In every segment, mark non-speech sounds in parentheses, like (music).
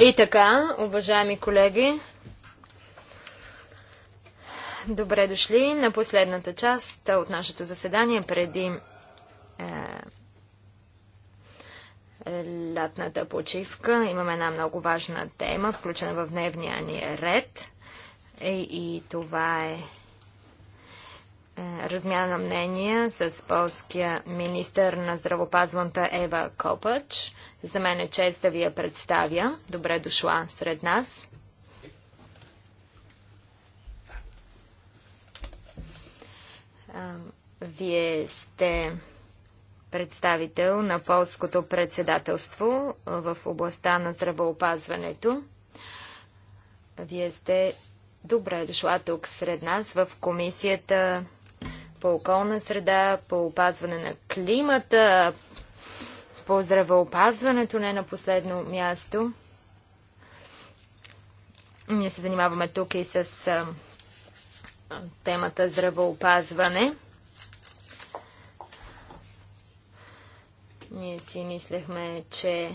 И така, уважаеми колеги, добре дошли на последната част от нашето заседание преди е, лятната почивка. Имаме една много важна тема, включена в дневния ни ред. И, е, и това е е, размяна на мнения с полския министър на здравопазването Ева Копач. За мен е чест да ви я представя. Добре дошла сред нас. Е, вие сте представител на полското председателство в областта на здравеопазването. Вие сте добре дошла тук сред нас в комисията по околна среда, по опазване на климата, по здравеопазването, не на последно място. Ние се занимаваме тук и с а, темата здравеопазване. Ние си мислехме, че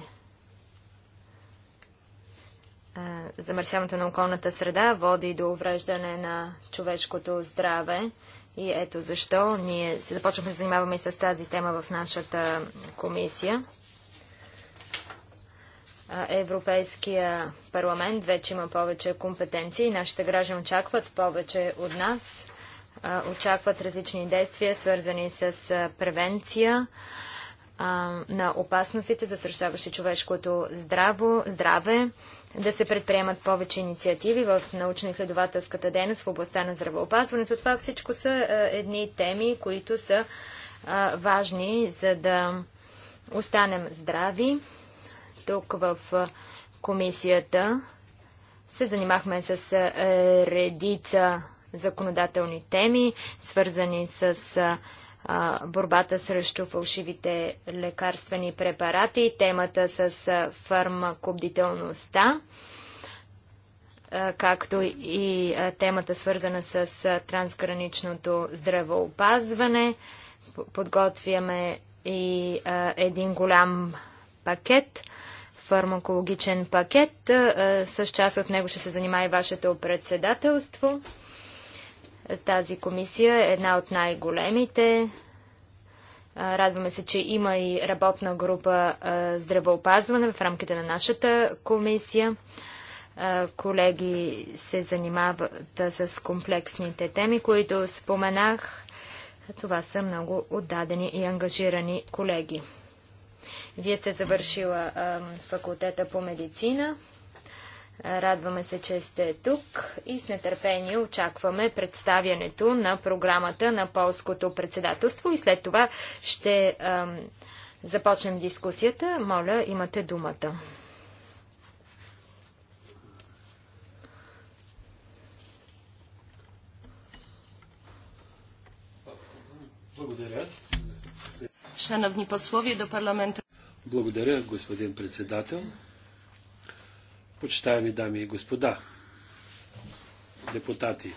замърсяването на околната среда води до увреждане на човешкото здраве и ето защо ние се започваме да занимаваме и с тази тема в нашата комисия. Европейския парламент вече има повече компетенции. Нашите граждани очакват повече от нас. Очакват различни действия, свързани с превенция на опасностите, застрашаващи човешкото здраво, здраве, да се предприемат повече инициативи в научно-изследователската дейност в областта на здравеопазването. Това всичко са е, едни теми, които са е, важни, за да останем здрави. Тук в е, комисията се занимахме с редица законодателни теми, свързани с борбата срещу фалшивите лекарствени препарати, темата с фармакобдителността, както и темата свързана с трансграничното здравеопазване. Подготвяме и един голям пакет, фармакологичен пакет. С част от него ще се занимава и вашето председателство. Тази комисия е една от най-големите. Радваме се, че има и работна група здравеопазване в рамките на нашата комисия. Колеги се занимават с комплексните теми, които споменах. Това са много отдадени и ангажирани колеги. Вие сте завършила факултета по медицина. Радваме се, че сте тук и с нетърпение очакваме представянето на програмата на полското председателство и след това ще ам, започнем дискусията. Моля, имате думата. Благодаря. Шановни послови до парламента. Благодаря, господин председател почитаеми дами и господа, депутати.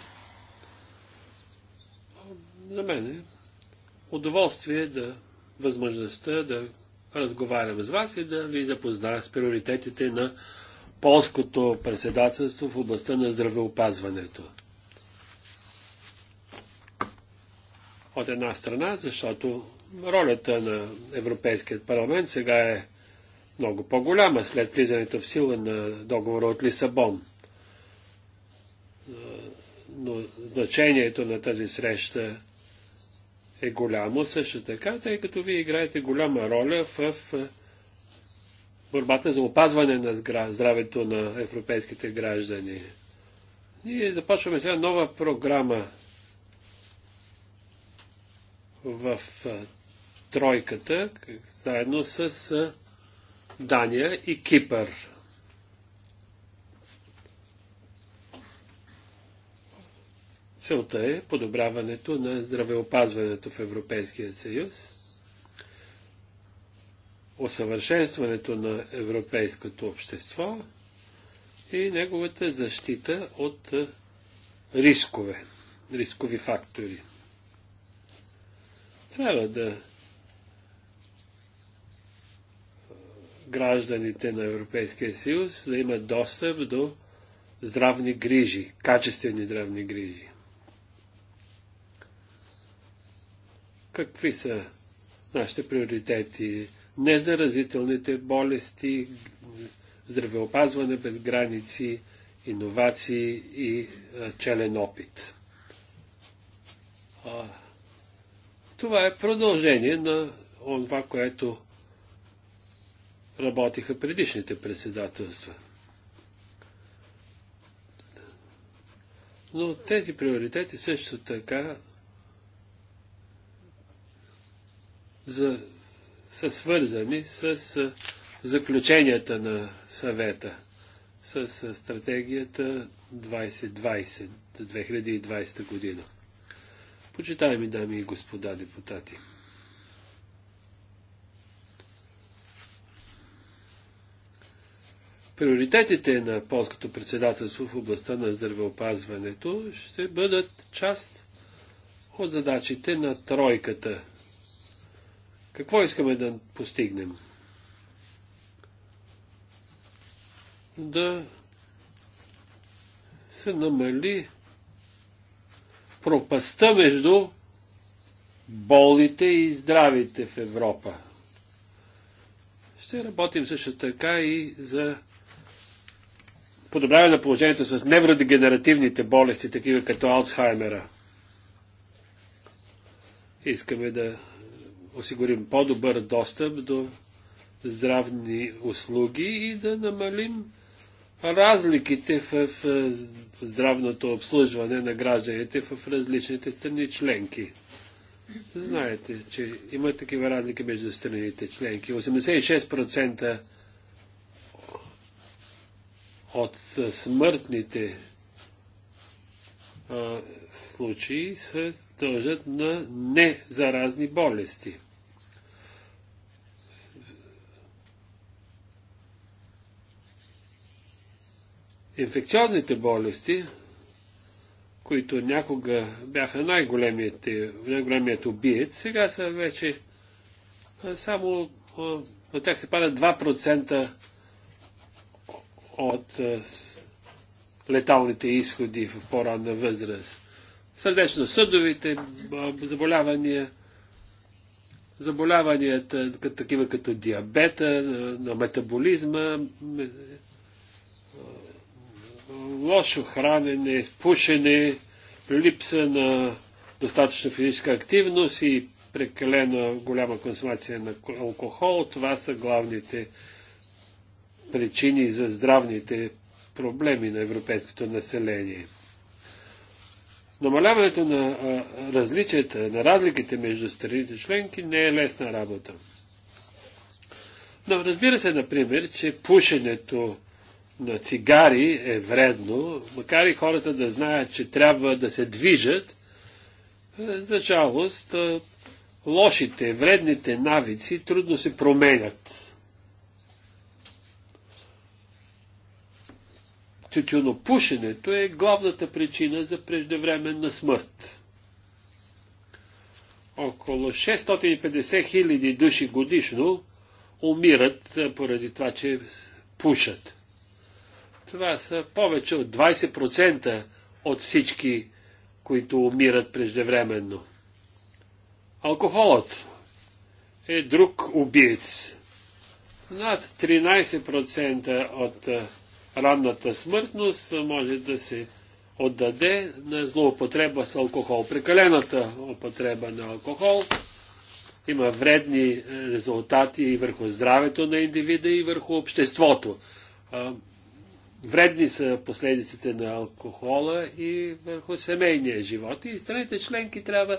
За мен е удоволствие да възможността да разговарям с вас и да ви запозная с приоритетите на полското председателство в областта на здравеопазването. От една страна, защото ролята на Европейският парламент сега е много по-голяма след влизането в сила на договора от Лисабон. Но значението на тази среща е голямо също така, тъй като вие играете голяма роля в борбата за опазване на здравето на европейските граждани. Ние започваме сега нова програма в тройката, заедно с Дания и Кипър. Целта е подобряването на здравеопазването в Европейския съюз, усъвършенстването на европейското общество и неговата защита от е, рискове, рискови фактори. Трябва да гражданите на Европейския съюз да имат достъп до здравни грижи, качествени здравни грижи. Какви са нашите приоритети? Незаразителните болести, здравеопазване без граници, иновации и челен опит. това е продължение на това, което работиха предишните председателства. Но тези приоритети също така за, са свързани с заключенията на съвета, с стратегията 2020 2020 година. Почитаеми дами и господа депутати. приоритетите на полското председателство в областта на здравеопазването ще бъдат част от задачите на тройката. Какво искаме да постигнем? Да се намали пропаста между болните и здравите в Европа. Ще работим също така и за подобряване на положението с невродегенеративните болести, такива като Алцхаймера. Искаме да осигурим по-добър достъп до здравни услуги и да намалим разликите в здравното обслужване на гражданите в различните страни членки. Знаете, че има такива разлики между страните членки. 86% от смъртните а, случаи се дължат на незаразни болести. Инфекциозните болести, които някога бяха най-големият, най-големият убиец, сега са вече само на тях се падат 2% от е, леталните изходи в по-ранна възраст. Сърдечно-съдовите заболявания, заболяванията, е, такива като диабета, е, на метаболизма, лошо хранене, пушене, липса на достатъчна физическа активност и прекалено голяма консумация на алкохол, това са главните причини за здравните проблеми на европейското население. Намаляването на различията, на разликите между страните членки не е лесна работа. Но разбира се, например, че пушенето на цигари е вредно, макар и хората да знаят, че трябва да се движат, е, за жалост, е, лошите, вредните навици трудно се променят. тютюнопушенето е главната причина за преждевременна смърт. Около 650 хиляди души годишно умират поради това, че пушат. Това са повече от 20% от всички, които умират преждевременно. Алкохолът е друг убиец. Над 13% от ранната смъртност може да се отдаде на злоупотреба с алкохол. Прекалената употреба на алкохол има вредни е, резултати и върху здравето на индивида и върху обществото. Вредни са последиците на алкохола и върху семейния живот. И страните членки трябва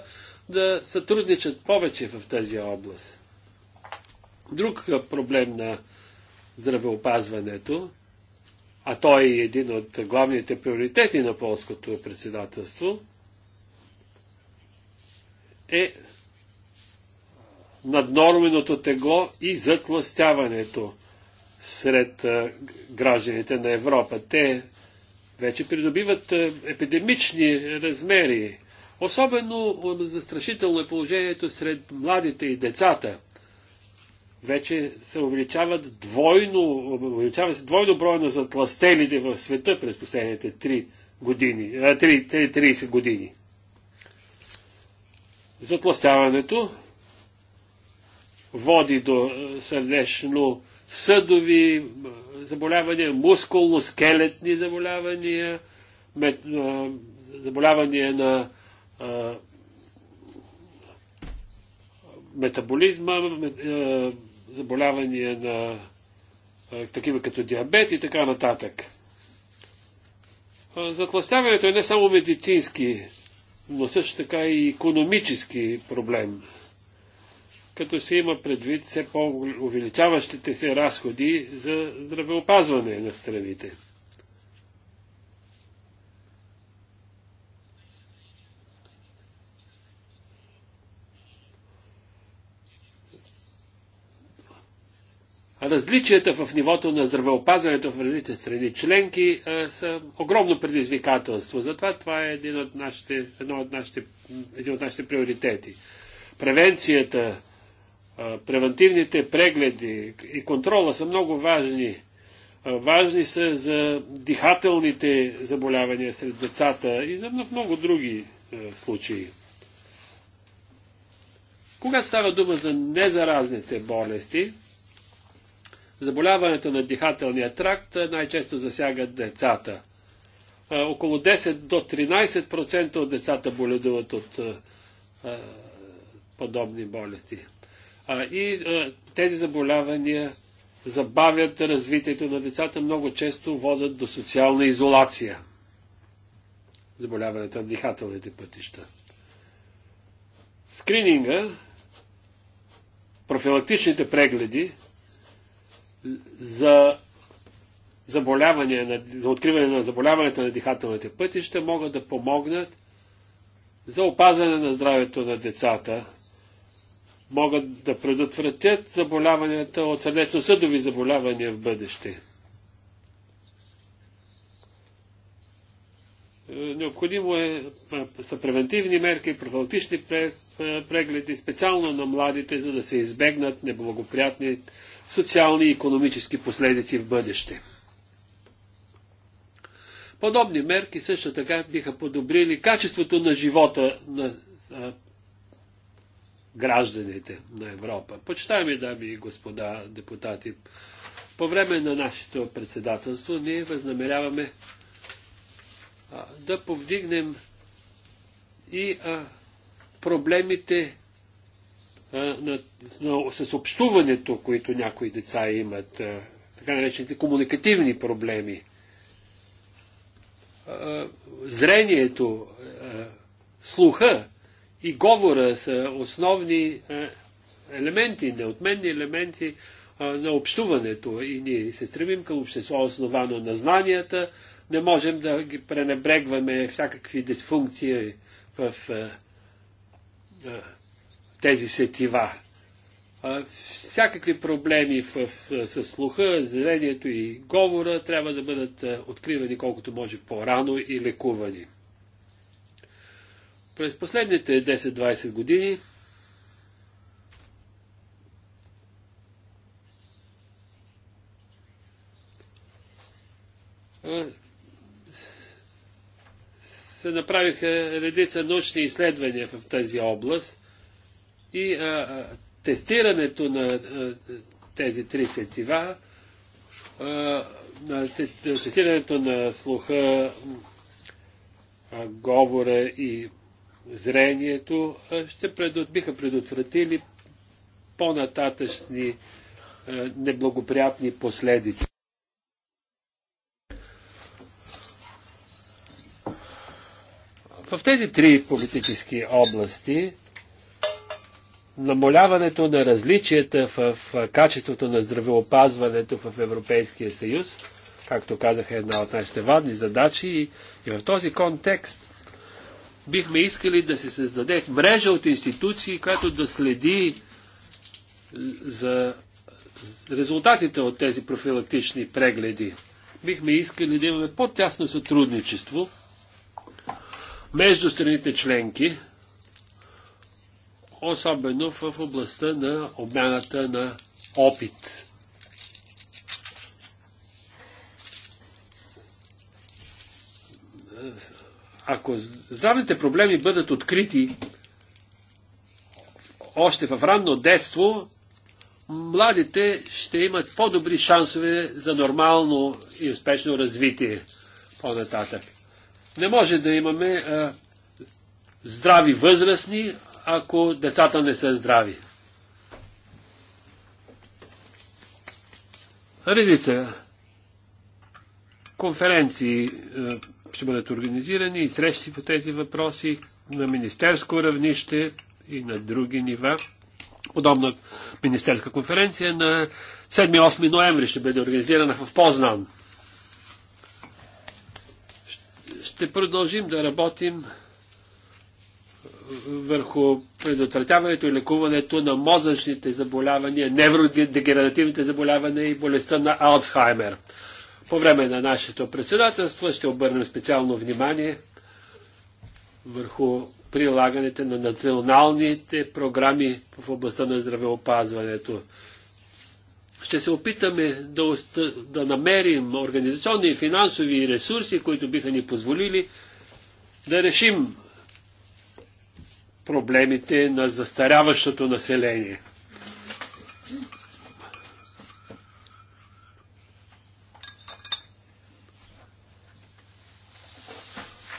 да сътрудничат повече в тази област. Друг проблем на здравеопазването а той е един от главните приоритети на полското председателство, е наднорменото тегло и затластяването сред гражданите на Европа. Те вече придобиват епидемични размери. Особено застрашително е положението сред младите и децата вече се увеличават двойно, увеличава се двойно броя на затластелите в света през последните 3 години, 3, 3, 30 години. Затластяването води до сърдечно съдови заболявания, мускулно-скелетни заболявания, мет, а, заболявания на а, метаболизма, заболявания на такива като диабет и така нататък. Затластяването е не само медицински, но също така и економически проблем. Като се има предвид все по-увеличаващите се разходи за здравеопазване на страните. Различията в нивото на здравеопазването в различните страни членки а, са огромно предизвикателство. Затова това е един от нашите, едно от нашите, един от нашите приоритети. Превенцията, а, превентивните прегледи и контрола са много важни. А, важни са за дихателните заболявания сред децата и за много други случаи. Когато става дума за незаразните болести, Заболяването на дихателния тракт е, най-често засяга децата. Е, около 10 до 13% от децата боледуват от е, подобни болести. И тези заболявания забавят развитието на децата, много често водят до социална изолация. Заболяването на дихателните пътища. Скрининга, профилактичните прегледи за заболяване, за откриване на заболяването на дихателните пътища могат да помогнат за опазване на здравето на децата, могат да предотвратят заболяванията от сърдечно-съдови заболявания в бъдеще. Необходимо е, е са превентивни мерки, профилактични е, прегледи, специално на младите, за да се избегнат неблагоприятни социални и економически последици в бъдеще. Подобни мерки също така биха подобрили качеството на живота на а, гражданите на Европа. Почитаваме дами и господа депутати, по време на нашето председателство ние възнамеряваме а, да повдигнем и а, проблемите на, на, с общуването, които някои деца имат, така наречените комуникативни проблеми. Зрението, слуха и говора са основни елементи, неотменни елементи на общуването и ние се стремим към общество, основано на знанията. Не можем да ги пренебрегваме всякакви дисфункции в тези сетива. А, всякакви проблеми в, в, с слуха, зрението и говора трябва да бъдат а, откривани колкото може по-рано и лекувани. През последните 10-20 години се направиха редица научни изследвания в тази област и а, тестирането на а, тези три сетива, а, на тестирането на слуха, а, говора и зрението, а, ще пред, биха предотвратили по-нататъчни неблагоприятни последици. В тези три политически области намоляването на различията в качеството на здравеопазването в Европейския съюз, както казах, е една от нашите важни задачи и в този контекст бихме искали да се създаде мрежа от институции, която да следи за резултатите от тези профилактични прегледи. Бихме искали да имаме по-тясно сътрудничество между страните членки, особено в областта на обмяната на опит. Ако здравните проблеми бъдат открити още в ранно детство, младите ще имат по-добри шансове за нормално и успешно развитие по-нататък. Не може да имаме а, здрави възрастни, ако децата не са здрави. Редица конференции е, ще бъдат организирани и срещи по тези въпроси на министерско равнище и на други нива. Подобна министерска конференция на 7-8 ноември ще бъде организирана в Познан. Ще продължим да работим върху предотвратяването и лекуването на мозъчните заболявания, невродегенеративните заболявания и болестта на Алцхаймер. По време на нашето председателство ще обърнем специално внимание върху прилагането на националните програми в областта на здравеопазването. Ще се опитаме да, да намерим организационни и финансови ресурси, които биха ни позволили да решим проблемите на застаряващото население.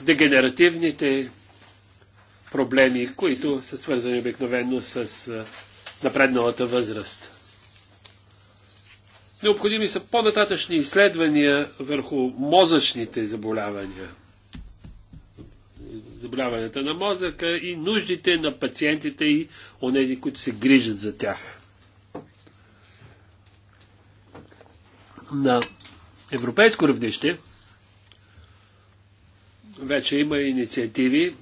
Дегенеративните проблеми, които са свързани обикновено с напредналата възраст. Необходими са по-нататъчни изследвания върху мозъчните заболявания – заболяванията на мозъка и нуждите на пациентите и онези, които се грижат за тях. На европейско равнище вече има инициативи.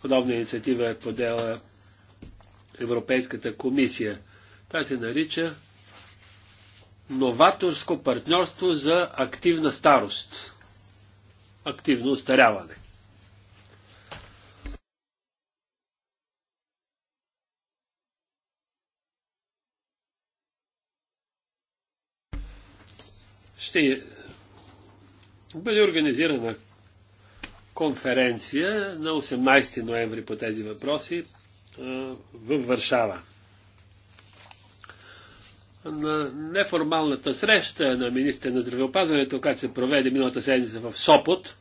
Подобна инициатива е подела Европейската комисия. Та се нарича новаторско партньорство за активна старост. Активно устаряване. ще бъде организирана конференция на 18 ноември по тези въпроси в Варшава. На неформалната среща на министър на здравеопазването, която се проведе миналата седмица в Сопот,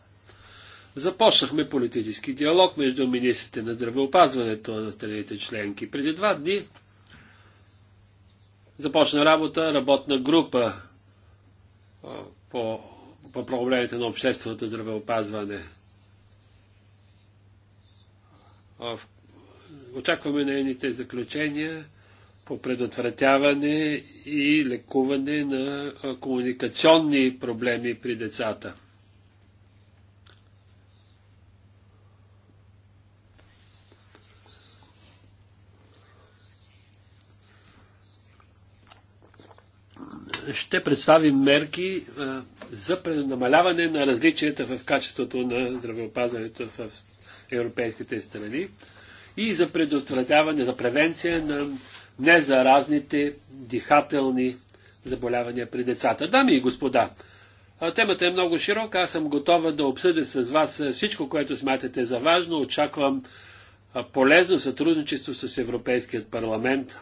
започнахме политически диалог между министрите на здравеопазването на страните членки. Преди два дни започна работа работна група по, по проблемите на общественото здравеопазване. Очакваме нейните заключения по предотвратяване и лекуване на комуникационни проблеми при децата. ще представим мерки е, за намаляване на различията в качеството на здравеопазването в европейските страни и за предотвратяване, за превенция на незаразните дихателни заболявания при децата. Дами и господа, темата е много широка. Аз съм готова да обсъдя с вас е, всичко, което смятате за важно. Очаквам полезно сътрудничество с Европейският парламент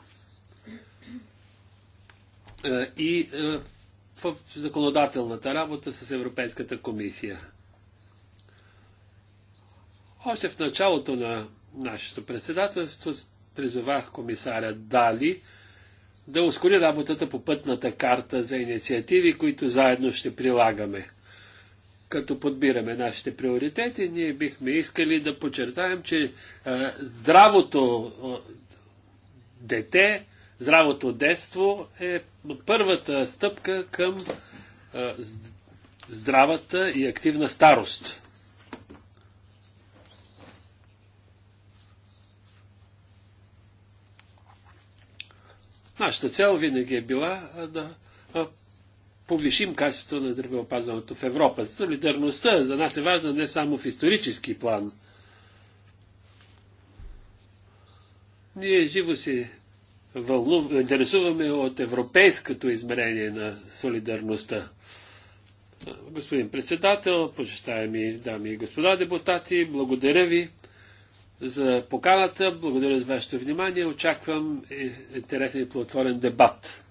е, и е, в законодателната работа с Европейската комисия. Още в началото на нашето председателство призовах комисаря Дали да ускори работата по пътната карта за инициативи, които заедно ще прилагаме. Като подбираме нашите приоритети, ние бихме искали да подчертаем, че е, здравото дете здравото детство е първата стъпка към а, здравата и активна старост. Нашата цел винаги е била да повишим качеството на здравеопазването в Европа. Солидарността за нас е важна не само в исторически план. Ние живо си вълну, интересуваме от европейското измерение на солидарността. Господин председател, почитаеми дами и господа депутати, благодаря ви за поканата, благодаря за вашето внимание. Очаквам интересен и плодотворен дебат.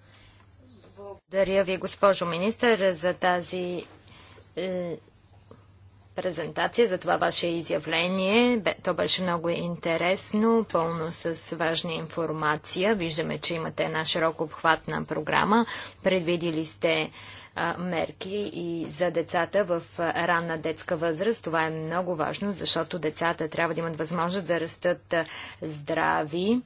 Благодаря ви, госпожо министър, за тази е, презентация, за това ваше изявление. То беше много интересно, пълно с важна информация. Виждаме, че имате една широко обхватна програма. Предвидили сте мерки и за децата в ранна детска възраст. Това е много важно, защото децата трябва да имат възможност да растат здрави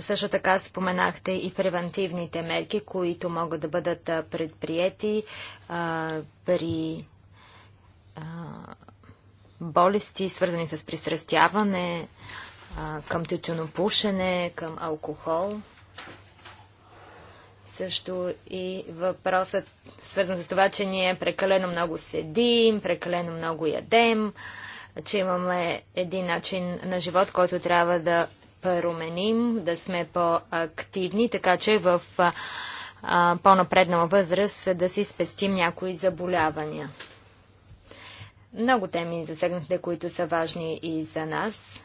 Също така споменахте и превентивните мерки, които могат да бъдат предприяти а, при а, болести, свързани с пристрастяване а, към тютюнопушене, към алкохол. Също и въпросът, свързан с това, че ние прекалено много седим, прекалено много ядем, че имаме един начин на живот, който трябва да променим, да сме по-активни, така че в по-напреднала възраст да си спестим някои заболявания. Много теми засегнахте, които са важни и за нас,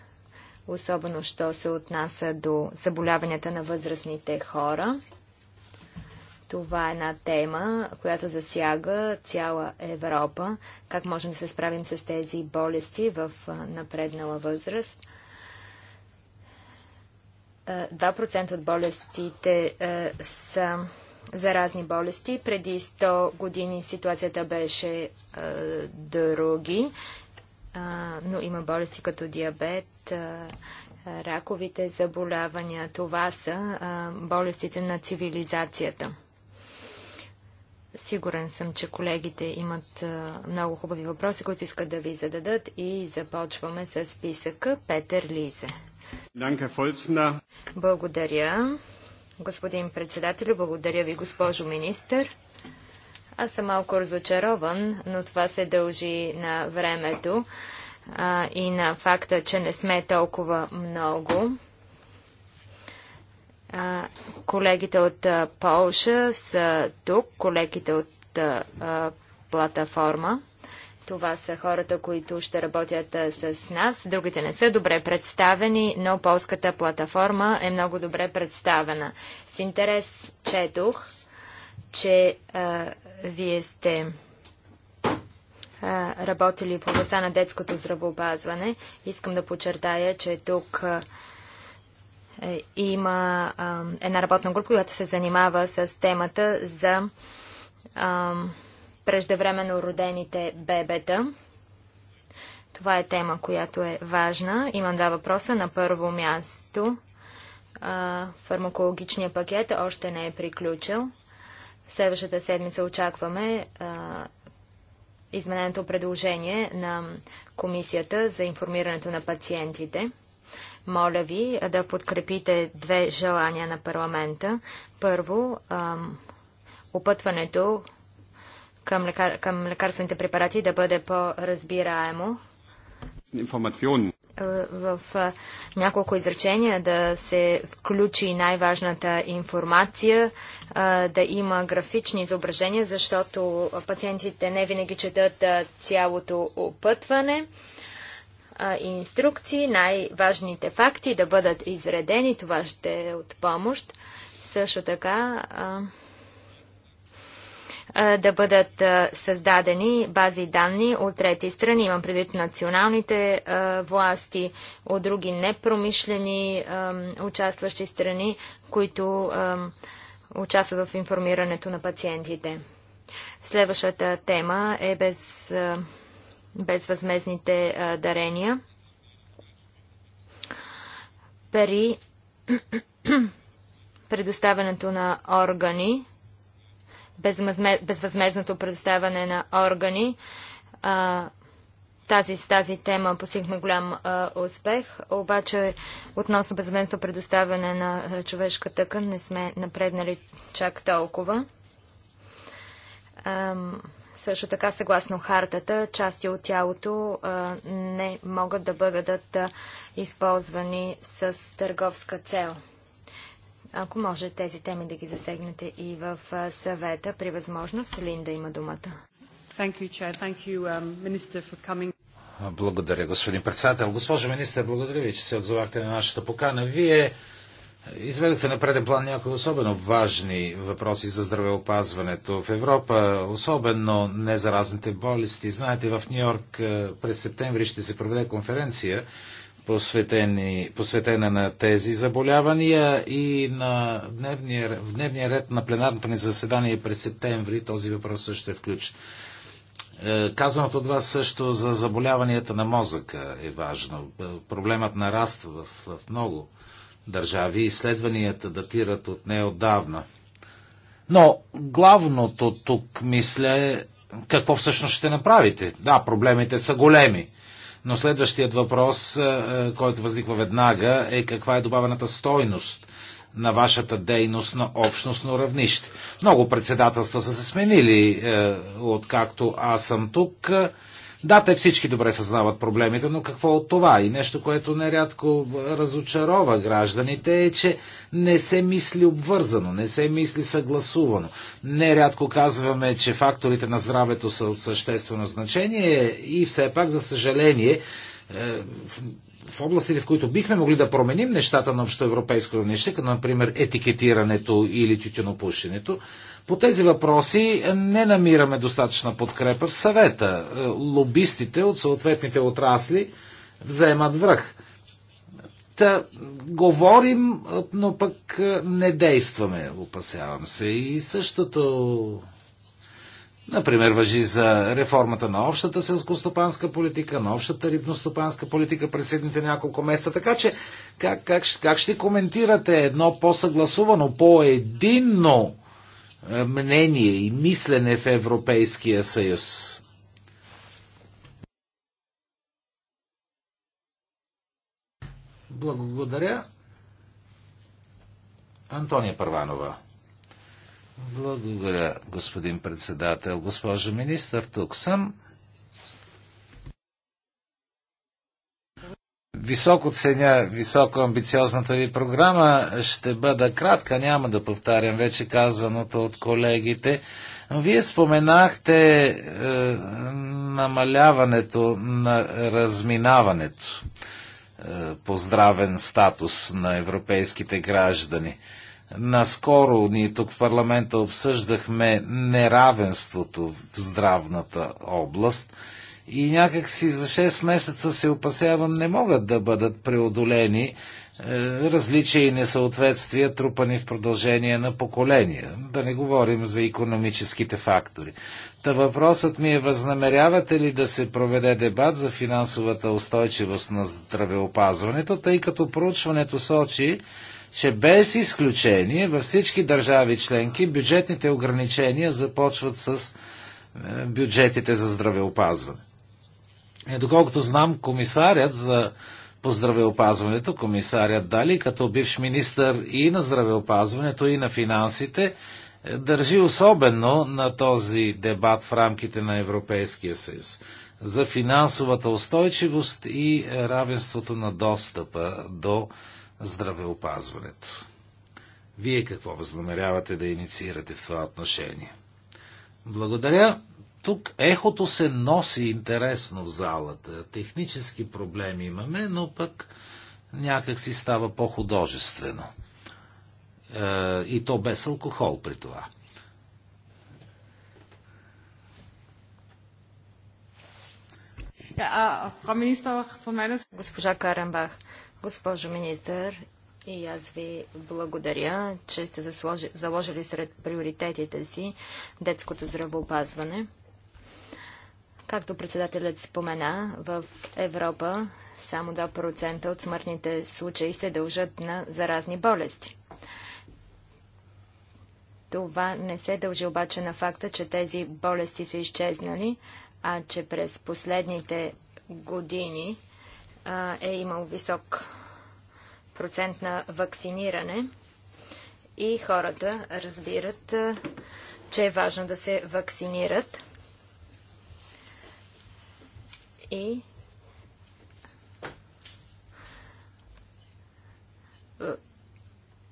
особено що се отнася до заболяванията на възрастните хора. Това е една тема, която засяга цяла Европа. Как можем да се справим с тези болести в напреднала възраст – 2% от болестите е, са заразни болести. Преди 100 години ситуацията беше е, други, е, но има болести като диабет, раковите заболявания. Това са болестите на цивилизацията. Сигурен съм, че колегите имат много хубави въпроси, които искат да ви зададат и започваме с списъка Петър Лизе. Благодаря, господин председател. Благодаря ви, госпожо министър. Аз съм малко разочарован, но това се дължи на времето а, и на факта, че не сме толкова много. А, колегите от а, Полша са тук, колегите от а, платформа. Това са хората, които ще работят с нас. Другите не са добре представени, но полската платформа е много добре представена. С интерес четох, че а, вие сте а, работили в областта на детското здравеопазване. Искам да подчертая, че тук а, е, има а, една работна група, която се занимава с темата за а, преждевременно родените бебета. Това е тема, която е важна. Имам два въпроса. На първо място, Фармакологичният пакет още не е приключил. Следващата седмица очакваме измененото предложение на Комисията за информирането на пациентите. Моля ви да подкрепите две желания на парламента. Първо, опътването към, лекар, към лекарствените препарати да бъде по-разбираемо. Е, в е, няколко изречения да се включи най-важната информация, е, да има графични изображения, защото пациентите не винаги четат цялото опътване и инструкции, най-важните факти да бъдат изредени, това ще е от помощ. Също така да бъдат създадени бази данни от трети страни. Имам предвид националните власти, от други непромишлени участващи страни, които участват в информирането на пациентите. Следващата тема е без, безвъзмезните дарения. При (clears throat) предоставянето на органи безвъзмезното предоставяне на органи. А, тази, с тази тема постигнахме голям а, успех, обаче относно безвъзмезното предоставяне на човешка тъкан не сме напреднали чак толкова. А, също така, съгласно хартата, части от тялото а, не могат да бъдат използвани с търговска цел. Ако може тези теми да ги засегнете и в съвета, при възможност Линда има думата. Um, благодаря, господин председател. Госпожо министър, благодаря ви, че се отзовахте на нашата покана. Вие изведохте на преден план някои особено важни въпроси за здравеопазването в Европа, особено незаразните болести. Знаете, в Нью-Йорк през септември ще се проведе конференция посветени, посветена на тези заболявания и на дневния, в дневния ред на пленарното ни заседание през септември този въпрос също е включен. Е, Казаното от вас също за заболяванията на мозъка е важно. Е, проблемът нараства в, в много държави. Изследванията датират от неодавна. Но главното тук, мисля, е какво всъщност ще направите. Да, проблемите са големи. Но следващият въпрос, е, е, който възниква веднага, е каква е добавената стойност на вашата дейност на общностно равнище. Много председателства са се сменили, е, откакто аз съм тук. Да, те всички добре съзнават проблемите, но какво от това? И нещо, което нерядко разочарова гражданите е, че не се мисли обвързано, не се мисли съгласувано. Нерядко казваме, че факторите на здравето са от съществено значение и все пак, за съжаление, е, в областите, в които бихме могли да променим нещата на общоевропейско равнище, като например етикетирането или тютюнопушенето, по тези въпроси не намираме достатъчна подкрепа в съвета. Е, лобистите от съответните отрасли вземат връх. Та, говорим, е, но пък е, не действаме, опасявам се. И същото, например, въжи за реформата на общата селскостопанска политика, на общата рибностопанска политика през следните няколко месеца. Така че, как, как, как ще коментирате едно по-съгласувано, по-единно е, мнение и мислене в Европейския съюз. Благодаря. Антония Първанова. Благодаря, господин председател. Госпожо министър, тук съм. Високо ценя, високо амбициозната ви програма. Ще бъда кратка, няма да повтарям вече казаното от колегите. Вие споменахте е, намаляването на разминаването е, по здравен статус на европейските граждани. Наскоро ние тук в парламента обсъждахме неравенството в здравната област – и някак си за 6 месеца се опасявам не могат да бъдат преодолени е, различия и несъответствия, трупани в продължение на поколения. Да не говорим за економическите фактори. Та въпросът ми е, възнамерявате ли да се проведе дебат за финансовата устойчивост на здравеопазването, тъй като проучването сочи, че без изключение във всички държави членки бюджетните ограничения започват с е, бюджетите за здравеопазване. Е, доколкото знам, комисарят за по здравеопазването, комисарят Дали, като бивш министър и на здравеопазването, и на финансите, е, държи особено на този дебат в рамките на Европейския съюз за финансовата устойчивост и равенството на достъпа до здравеопазването. Вие какво възнамерявате да инициирате в това отношение? Благодаря тук ехото се носи интересно в залата. Технически проблеми имаме, но пък някак си става по-художествено. Е, и то без алкохол при това. Госпожа Каренбах, госпожо министър, и аз ви благодаря, че сте заложили сред приоритетите си детското здравеопазване. Както председателят спомена, в Европа само 2% от смъртните случаи се дължат на заразни болести. Това не се дължи обаче на факта, че тези болести са изчезнали, а че през последните години а, е имал висок процент на вакциниране и хората разбират, а, че е важно да се вакцинират – A.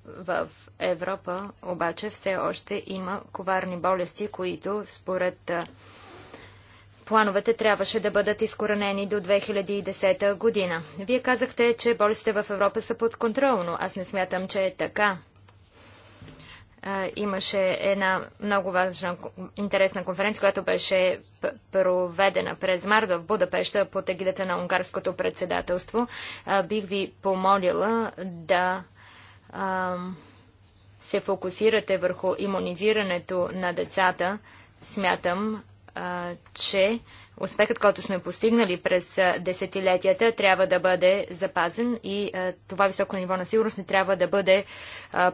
в Европа обаче все още има коварни болести, които според плановете трябваше да бъдат изкоренени до 2010 година. Вие казахте, че болестите в Европа са под контрол, но аз не смятам, че е така имаше една много важна, интересна конференция, която беше проведена през Марда в Будапеща под егидата на унгарското председателство. Бих ви помолила да се фокусирате върху иммунизирането на децата. Смятам, че успехът, който сме постигнали през десетилетията, трябва да бъде запазен и това високо ниво на сигурност не трябва да бъде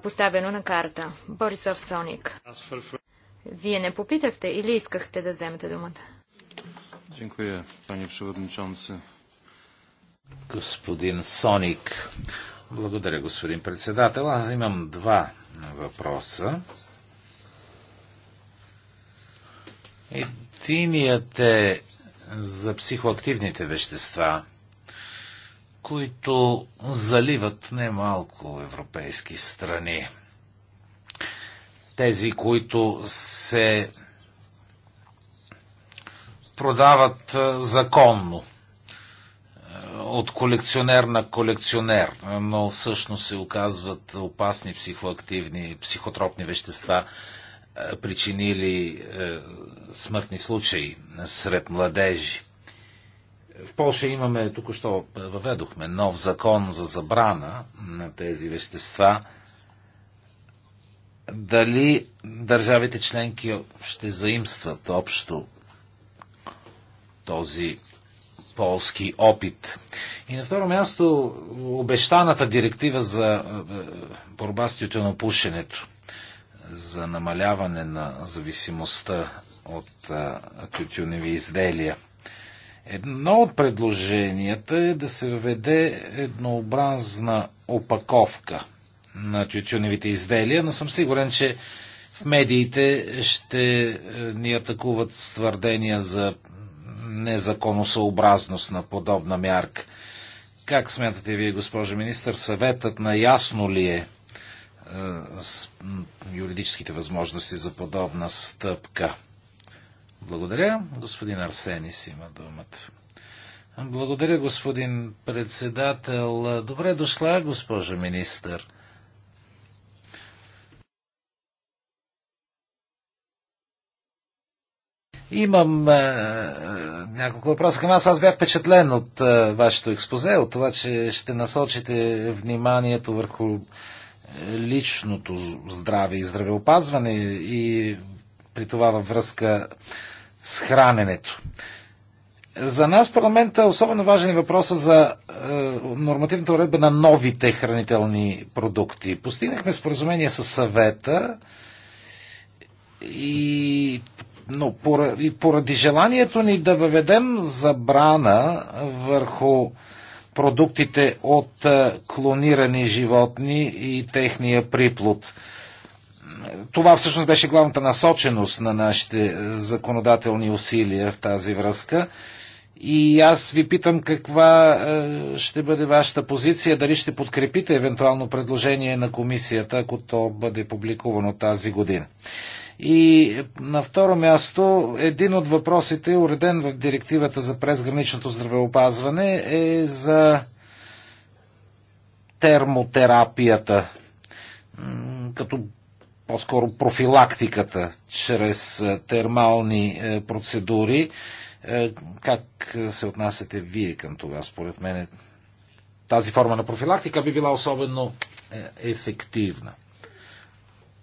поставено на карта. Борисов Соник. Вие не попитахте или искахте да вземете думата? Дякую, пани Przewodniczący. Господин Соник. Благодаря, господин председател. Аз имам два въпроса. Синият е за психоактивните вещества, които заливат немалко европейски страни. Тези, които се продават законно от колекционер на колекционер, но всъщност се оказват опасни психоактивни, психотропни вещества причинили смъртни случаи сред младежи. В Польша имаме, тук що въведохме, нов закон за забрана на тези вещества. Дали държавите членки ще заимстват общо този полски опит. И на второ място обещаната директива за борба с тютюнопушенето. пушенето за намаляване на зависимостта от тютюневи изделия. Едно от предложенията е да се въведе еднообразна опаковка на тютюневите изделия, но съм сигурен, че в медиите ще ни атакуват с твърдения за незаконосъобразност на подобна мярка. Как смятате вие, госпожо министър, съветът на ясно ли е е, с юридическите възможности за подобна стъпка. Благодаря. Господин Арсенис има думата. Благодаря, господин председател. Добре дошла, госпожа министър. Имам е, е няколко въпроса към аз. Аз бях впечатлен от е, вашето експозе, от това, че ще насочите вниманието върху личното здраве и здравеопазване и при това във връзка с храненето. За нас парламента е особено важен е въпроса за е, нормативната уредба на новите хранителни продукти. Постигнахме споразумение с съвета и, но, поради, поради желанието ни да въведем забрана върху продуктите от е, клонирани животни и техния приплод. Това всъщност беше главната насоченост на нашите е, законодателни усилия в тази връзка. И аз ви питам каква е, ще бъде вашата позиция, дали ще подкрепите евентуално предложение на комисията, ако то бъде публикувано тази година. И на второ място, един от въпросите, уреден в директивата за презграничното здравеопазване, е за термотерапията, като по-скоро профилактиката чрез е, термални е, процедури. Е, как се отнасяте вие към това? Според мен тази форма на профилактика би била особено ефективна.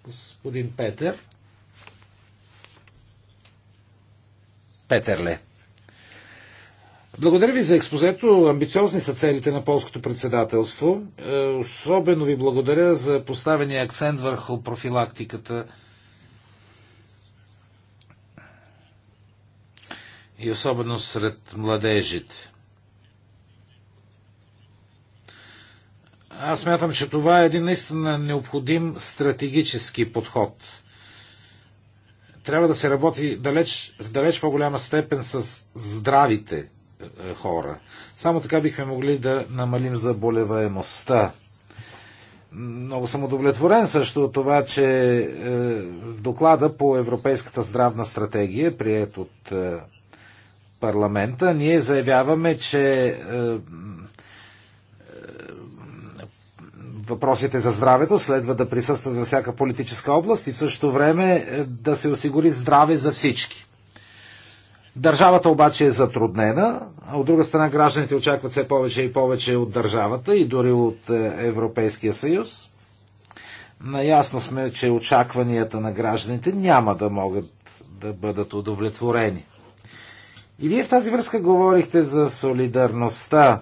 Господин Петър. Петерле. Благодаря ви за експозето. Амбициозни са целите на полското председателство. Е, особено ви благодаря за поставения акцент върху профилактиката и особено сред младежите. Аз мятам, че това е един наистина необходим стратегически подход – трябва да се работи далеч, в далеч по-голяма степен с здравите е, е, хора. Само така бихме могли да намалим заболеваемостта. Много съм удовлетворен също от това, че е, в доклада по Европейската здравна стратегия, прият от парламента, ние заявяваме, че въпросите за здравето следва да присъстват във всяка политическа област и в същото време е, да се осигури здраве за всички. Държавата обаче е затруднена, а от друга страна гражданите очакват все повече и повече от държавата и дори от е, Европейския съюз. Наясно сме, че очакванията на гражданите няма да могат да бъдат удовлетворени. И вие в тази връзка говорихте за солидарността.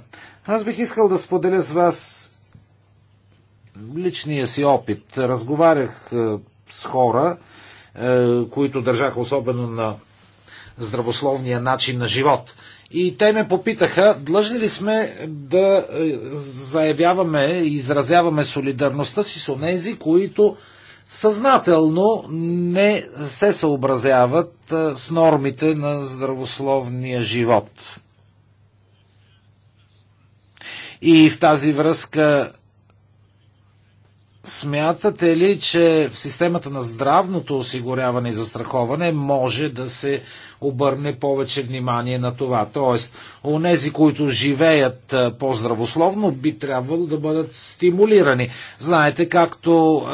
Аз бих искал да споделя с вас личния си опит. Разговарях е, с хора, е, които държаха особено на здравословния начин на живот. И те ме попитаха, длъжни ли сме да е, заявяваме и изразяваме солидарността си с онези, които съзнателно не се съобразяват с нормите на здравословния живот. И в тази връзка Смятате ли, че в системата на здравното осигуряване и застраховане може да се обърне повече внимание на това? Тоест, онези, които живеят по-здравословно, би трябвало да бъдат стимулирани. Знаете, както е,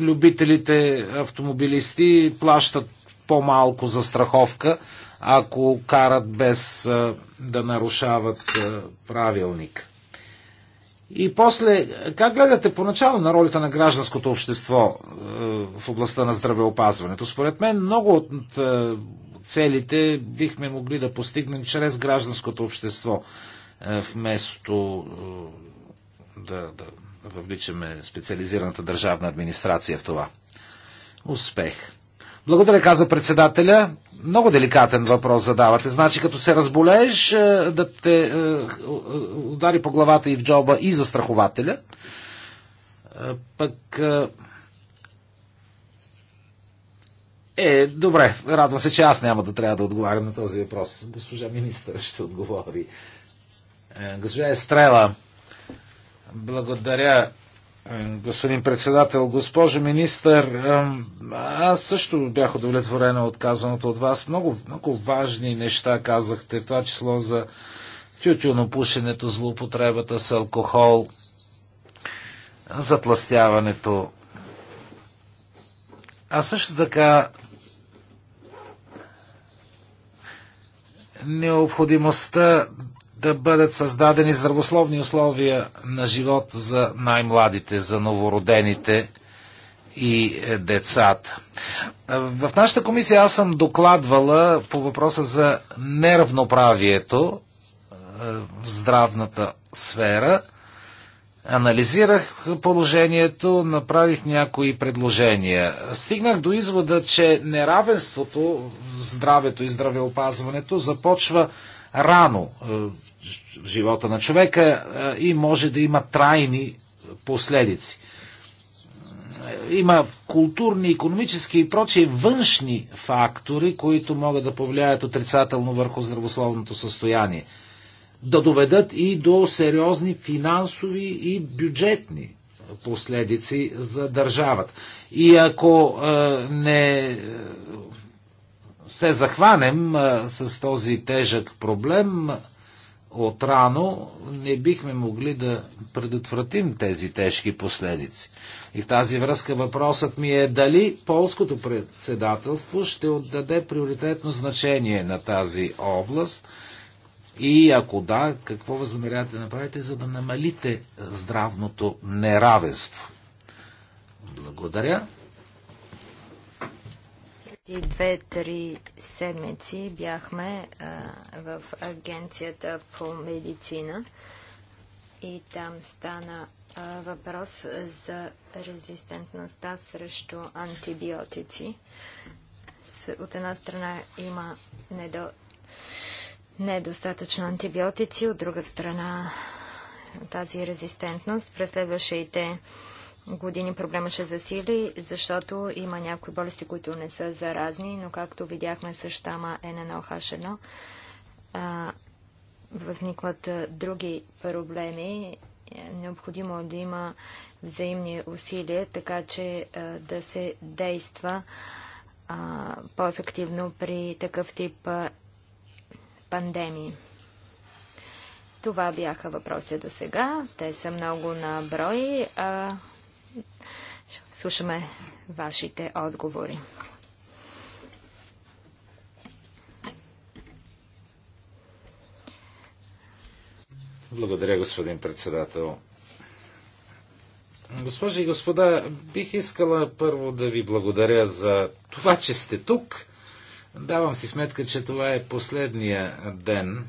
любителите автомобилисти плащат по-малко за страховка, ако карат без е, да нарушават е, правилник. И после, как гледате поначало на ролята на гражданското общество е, в областта на здравеопазването? Според мен много от е, целите бихме могли да постигнем чрез гражданското общество, е, вместо да, да, да въвличаме специализираната държавна администрация в това. Успех! Благодаря, каза председателя много деликатен въпрос задавате. Значи, като се разболееш, е, да те е, удари по главата и в джоба и за страхователя. Е, пък. Е, добре, радвам се, че аз няма да трябва да отговарям на този въпрос. Госпожа министър ще отговори. Госпожа Естрела, благодаря господин председател. Госпожо министър, аз също бях удовлетворена от казаното от вас. Много, много важни неща казахте, в това число за тютюнопушенето, злоупотребата с алкохол, затластяването. А също така необходимостта да бъдат създадени здравословни условия на живот за най-младите, за новородените и е, децата. В нашата комисия аз съм докладвала по въпроса за неравноправието е, в здравната сфера. Анализирах положението, направих някои предложения. Стигнах до извода, че неравенството в здравето и здравеопазването започва рано, е, живота на човека е, и може да има трайни последици. Има културни, економически и прочие външни фактори, които могат да повлияят отрицателно върху здравословното състояние. Да доведат и до сериозни финансови и бюджетни последици за държавата. И ако е, не е, се захванем е, с този тежък проблем, отрано, не бихме могли да предотвратим тези тежки последици. И в тази връзка въпросът ми е дали полското председателство ще отдаде приоритетно значение на тази област и ако да, какво възнамерявате да направите, за да намалите здравното неравенство? Благодаря преди две-три седмици бяхме а, в Агенцията по медицина и там стана а, въпрос за резистентността срещу антибиотици. С, от една страна има недо, недостатъчно антибиотици, от друга страна тази резистентност преследваше и те години проблема ще засили, защото има някои болести, които не са заразни, но както видяхме с щама ННОХ1, възникват други проблеми. Е, необходимо е да има взаимни усилия, така че да се действа по-ефективно при такъв тип пандемии. Това бяха въпроси до сега. Те са много на брой. Слушаме вашите отговори. Благодаря, господин председател. Госпожи и господа, бих искала първо да ви благодаря за това, че сте тук. Давам си сметка, че това е последния ден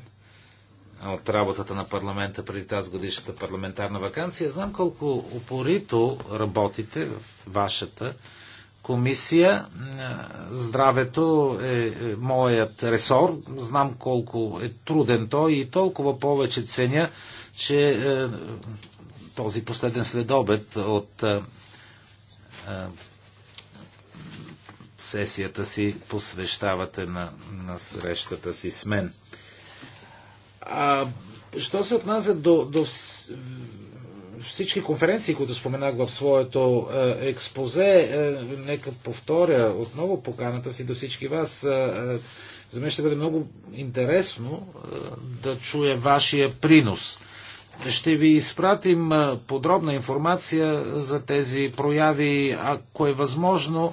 от работата на парламента преди тази годишната парламентарна вакансия. Знам колко упорито работите в вашата комисия. Здравето е, е моят ресор. Знам колко е труден той и толкова повече ценя, че е, този последен следобед от е, сесията си посвещавате на, на срещата си с мен. А, що се отнася до, до всички конференции, които споменах в своето е, експозе, е, нека повторя отново поканата си до всички вас. Е, за мен ще бъде много интересно да чуя вашия принос. Ще ви изпратим подробна информация за тези прояви, ако е възможно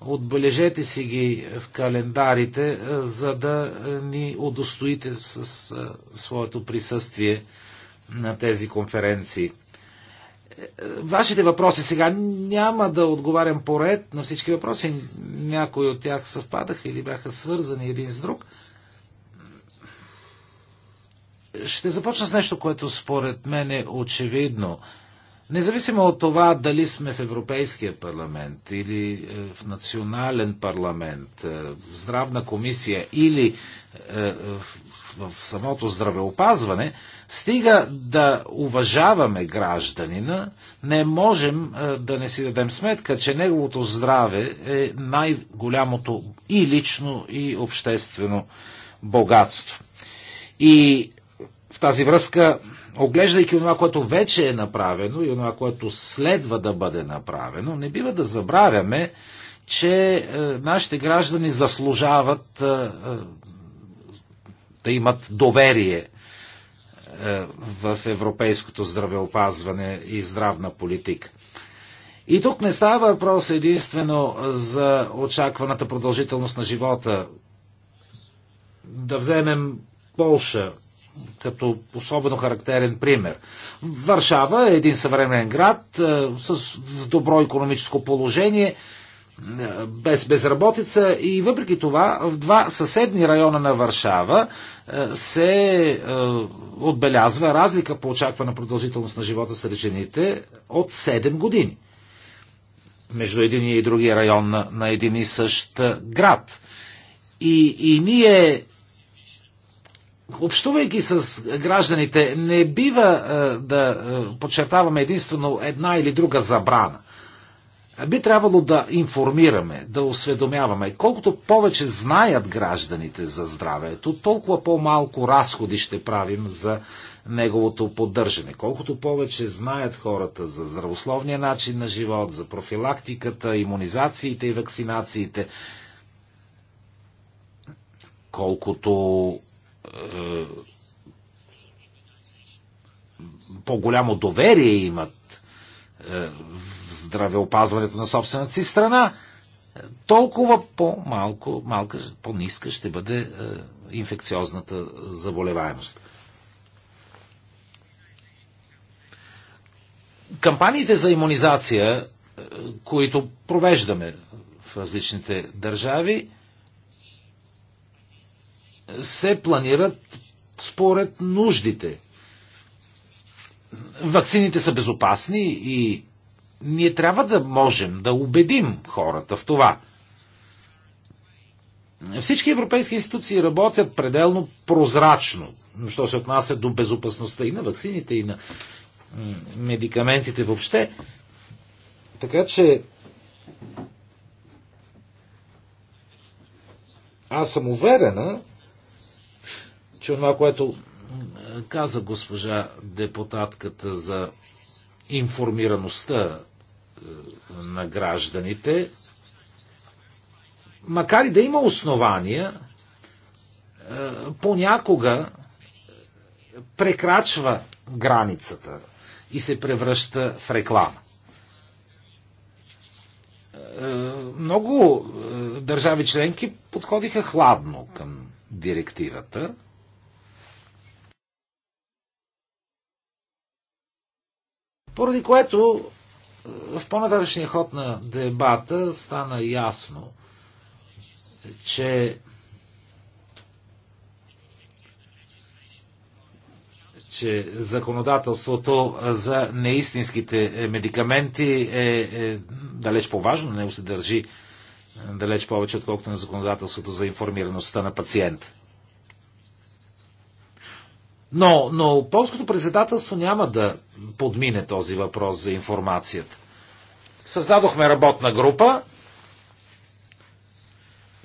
Отбележете си ги в календарите, за да ни удостоите с своето присъствие на тези конференции. Е, вашите въпроси сега няма да отговарям поред на всички въпроси. Някои от тях съвпадаха или бяха свързани един с друг. Ще започна с нещо, което според мен е очевидно – Независимо от това дали сме в Европейския парламент или е, в национален парламент, е, в здравна комисия или е, в самото здравеопазване, стига да уважаваме гражданина, не можем да не си дадем сметка, че неговото здраве е най-голямото и лично, и обществено богатство. И в тази връзка оглеждайки това, което вече е направено и това, което следва да бъде направено, не бива да забравяме, че е, нашите граждани заслужават е, е, да имат доверие в европейското здравеопазване и здравна политика. И тук не става въпрос единствено за очакваната продължителност на живота. Да вземем Полша, като особено характерен пример. Варшава е един съвременен град е, с добро економическо положение, е, без безработица и въпреки това в два съседни района на Варшава е, се отбелязва разлика по очаквана продължителност на живота сред жените от 7 години между един и другия район на, на един и същ град. И, и ние общувайки с гражданите, не бива е, да е, подчертаваме единствено една или друга забрана. Би трябвало да информираме, да осведомяваме. Колкото повече знаят гражданите за здравето, толкова по-малко разходи ще правим за неговото поддържане. Колкото повече знаят хората за здравословния начин на живот, за профилактиката, иммунизациите и вакцинациите, колкото е, по-голямо доверие имат е, в здравеопазването на собствената си страна, толкова по-малко, малка, по-ниска ще бъде е, инфекциозната заболеваемост. Кампаниите за иммунизация, които провеждаме в различните държави, се планират според нуждите. Ваксините са безопасни и ние трябва да можем да убедим хората в това. Всички европейски институции работят пределно прозрачно, що се отнася до безопасността и на ваксините, и на медикаментите въобще. Така че аз съм уверена, че това, което каза госпожа депутатката за информираността е, на гражданите, макар и да има основания, е, понякога прекрачва границата и се превръща в реклама. Е, много държави членки подходиха хладно към директивата Поради което е, в по-нататъчния ход на дебата стана ясно, че че законодателството за неистинските е, медикаменти е, е далеч по-важно, Не него се държи е, далеч повече, отколкото на законодателството за информираността на пациента. Но, но полското председателство няма да подмине този въпрос за информацията. Създадохме работна група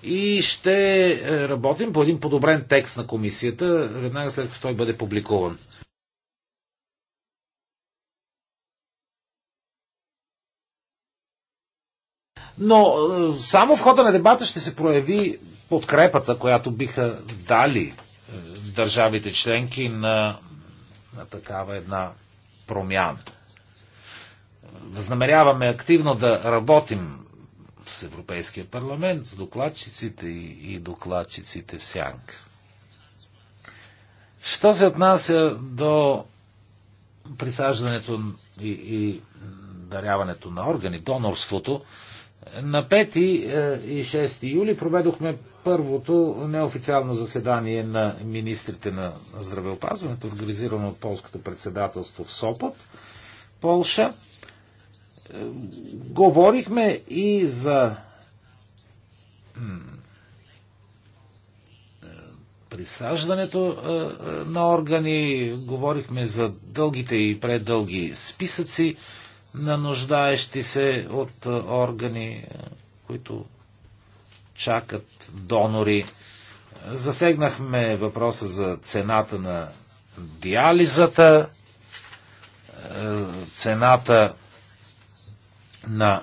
и ще е, работим по един подобрен текст на комисията, веднага след като той бъде публикуван. Но е, само в хода на дебата ще се прояви подкрепата, която биха дали държавите членки на, на такава една промяна. Възнамеряваме активно да работим с Европейския парламент, с докладчиците и, и докладчиците в сянка. Що се отнася до присаждането и, и даряването на органи, донорството, на 5 е, и 6 юли проведохме първото неофициално заседание на министрите на здравеопазването, организирано от полското председателство в Сопот, Полша. Е, говорихме и за е, присаждането е, на органи, говорихме за дългите и предълги списъци на нуждаещи се от органи, които чакат донори. Засегнахме въпроса за цената на диализата, е, цената на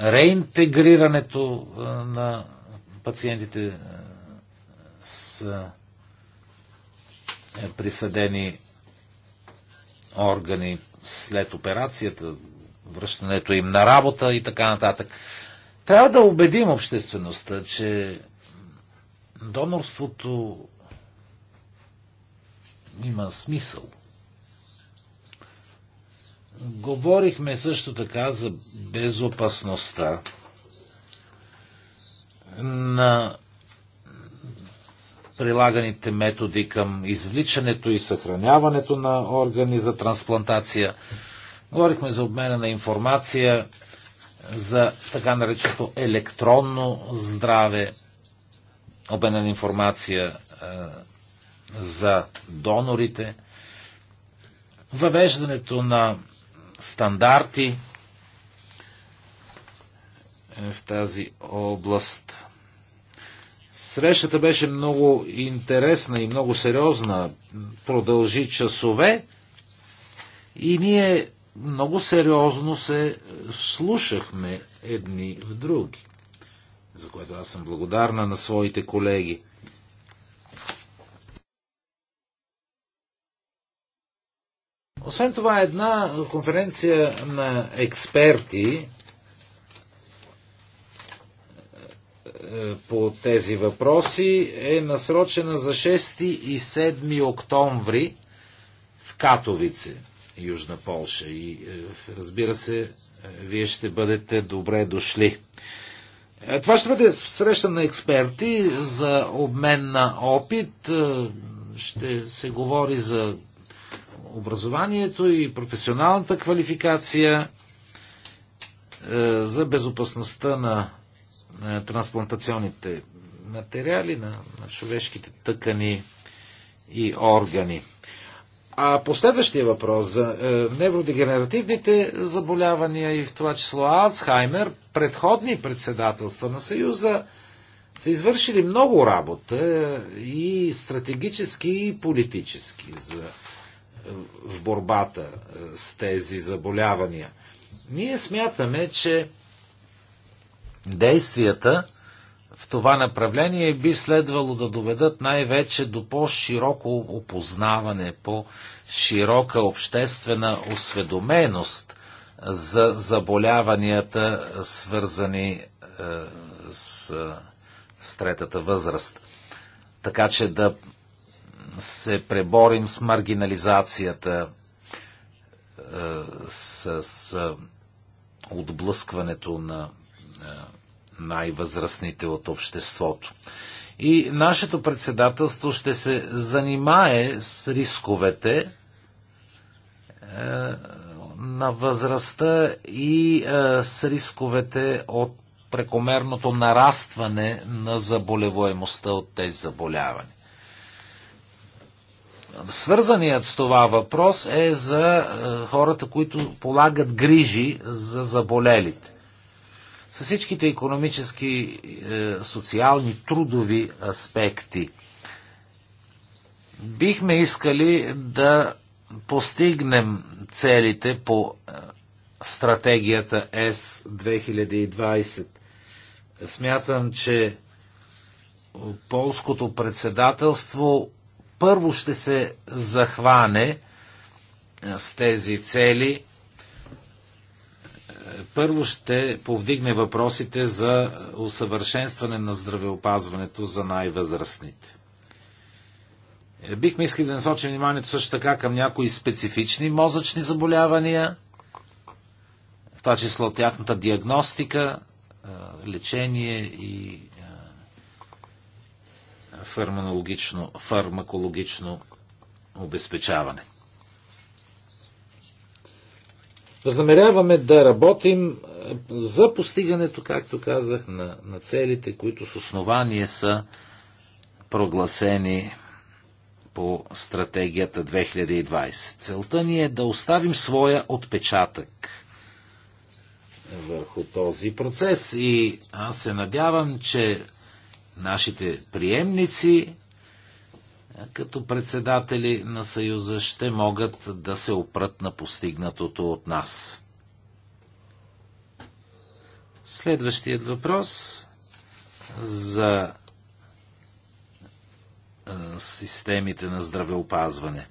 реинтегрирането е, на пациентите е, с присъдени органи след операцията, връщането им на работа и така нататък. Трябва да убедим обществеността, че донорството има смисъл. Говорихме също така за безопасността на прилаганите методи към извличането и съхраняването на органи за трансплантация. Говорихме за обмена на информация за така нареченото електронно здраве, обмен на информация е, за донорите, въвеждането на стандарти е, в тази област. Срещата беше много интересна и много сериозна. Продължи часове и ние много сериозно се слушахме едни в други, за което аз съм благодарна на своите колеги. Освен това, една конференция на експерти е, по тези въпроси е насрочена за 6 и 7 октомври в Катовице. Южна Полша. И е, разбира се, е, вие ще бъдете добре дошли. Е, това ще бъде среща на експерти за обмен на опит. Ще се говори за образованието и професионалната квалификация, за безопасността на трансплантационните материали, на, на човешките тъкани и органи. А последващия въпрос за е, невродегенеративните заболявания и в това число Алцхаймер, предходни председателства на Съюза са извършили много работа е, и стратегически, и политически за, е, в борбата с тези заболявания. Ние смятаме, че действията в това направление би следвало да доведат най-вече до по-широко опознаване, по-широка обществена осведоменост за заболяванията, свързани е, с, с третата възраст. Така че да се преборим с маргинализацията, е, с, с е, отблъскването на най-възрастните от обществото. И нашето председателство ще се занимае с рисковете е, на възрастта и е, с рисковете от прекомерното нарастване на заболеваемостта от тези заболявания. Свързаният с това въпрос е за е, хората, които полагат грижи за заболелите с всичките економически, е, социални, трудови аспекти. Бихме искали да постигнем целите по е, стратегията С 2020. Смятам, че полското председателство първо ще се захване е, с тези цели първо ще повдигне въпросите за усъвършенстване на здравеопазването за най-възрастните. Е, бихме искали да насочим вниманието също така към някои специфични мозъчни заболявания, в това число тяхната диагностика, е, лечение и е, фармакологично обезпечаване. Възнамеряваме да работим е, за постигането, както казах, на, на целите, които с основание са прогласени по стратегията 2020. Целта ни е да оставим своя отпечатък върху този процес и аз се надявам, че нашите приемници като председатели на Съюза ще могат да се опрат на постигнатото от нас. Следващият въпрос за системите на здравеопазване.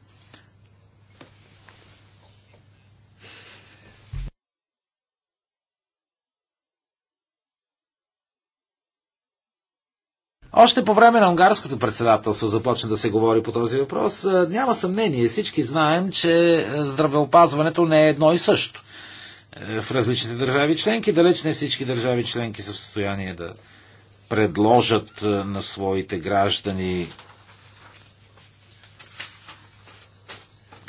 Още по време на унгарското председателство започна да се говори по този въпрос. Е, няма съмнение, всички знаем, че е, здравеопазването не е едно и също. Е, в различните държави членки, далеч не всички държави членки са в състояние да предложат на своите граждани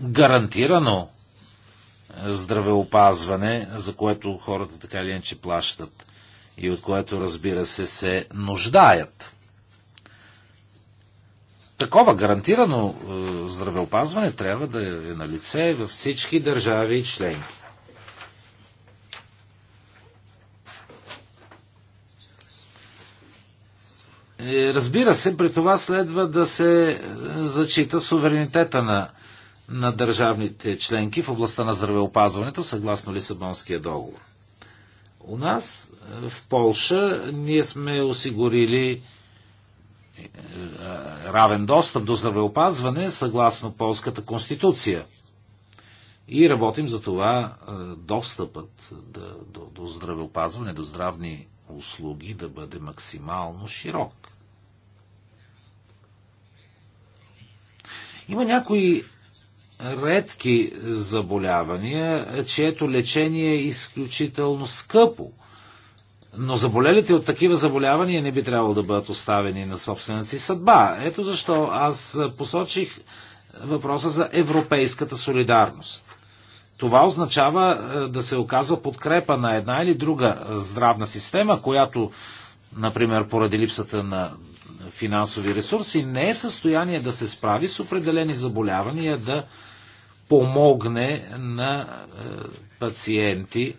гарантирано здравеопазване, за което хората така или иначе плащат и от което, разбира се, се нуждаят такова гарантирано е, здравеопазване трябва да е на лице във всички държави и членки. Е, разбира се, при това следва да се е, зачита суверенитета на, на държавните членки в областта на здравеопазването, съгласно Лисабонския договор. У нас, в Полша, ние сме осигурили е, е, равен достъп до здравеопазване съгласно полската конституция. И работим за това е, достъпът до, до здравеопазване, до здравни услуги да бъде максимално широк. Има някои редки заболявания, чието лечение е изключително скъпо – но заболелите от такива заболявания не би трябвало да бъдат оставени на собствената си съдба. Ето защо аз посочих въпроса за европейската солидарност. Това означава е, да се оказва подкрепа на една или друга е, здравна система, която, например, поради липсата на финансови ресурси, не е в състояние да се справи с определени заболявания, да помогне на е, пациенти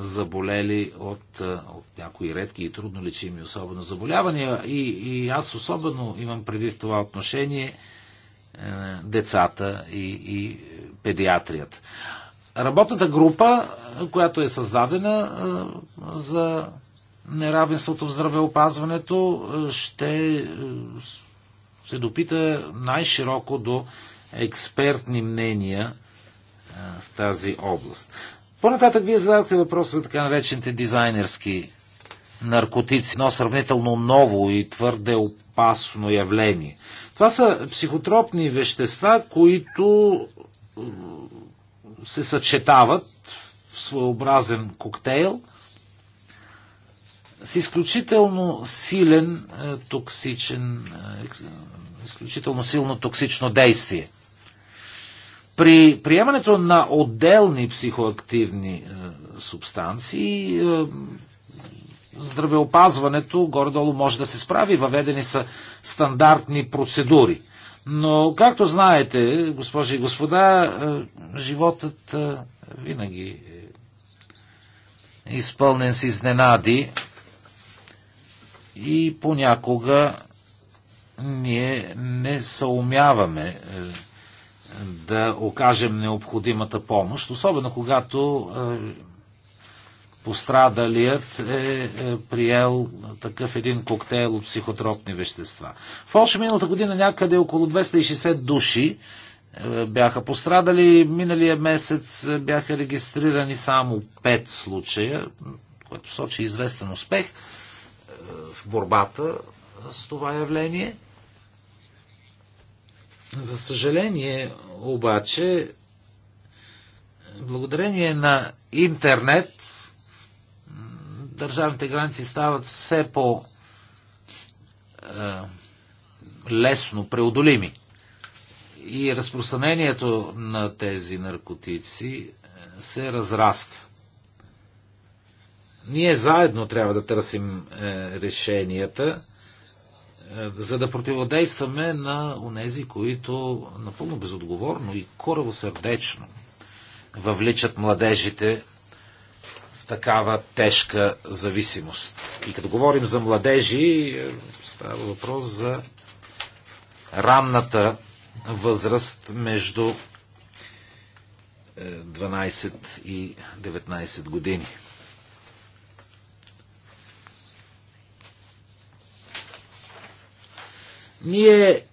заболели от, от някои редки и трудно лечими особено заболявания. И, и аз особено имам преди в това отношение е, децата и, и педиатрият. Работната група, която е създадена е, за неравенството в здравеопазването, е, ще се допита най-широко до експертни мнения в тази област. По-нататък вие зададохте въпроса за така наречените дизайнерски наркотици, но сравнително ново и твърде опасно явление. Това са психотропни вещества, които се съчетават в своеобразен коктейл с изключително силен е, токсичен, е, изключително силно токсично действие. При приемането на отделни психоактивни е, субстанции е, здравеопазването горе-долу може да се справи. Въведени са стандартни процедури. Но, както знаете, госпожи и господа, е, животът винаги е изпълнен с изненади и понякога ние не съумяваме да окажем необходимата помощ, особено когато е, пострадалият е, е приел такъв един коктейл от психотропни вещества. В Польша миналата година някъде около 260 души е, бяха пострадали. Миналия месец бяха регистрирани само 5 случая, което сочи известен успех в борбата с това явление – за съжаление, обаче, благодарение на интернет, държавните граници стават все по е, лесно преодолими. И разпространението на тези наркотици е, се разраства. Ние заедно трябва да търсим е, решенията е, за да противодействаме на онези, които напълно безотговорно и коравосърдечно въвличат младежите в такава тежка зависимост. И като говорим за младежи, е, става въпрос за ранната възраст между 12 е, и 19 години. Ние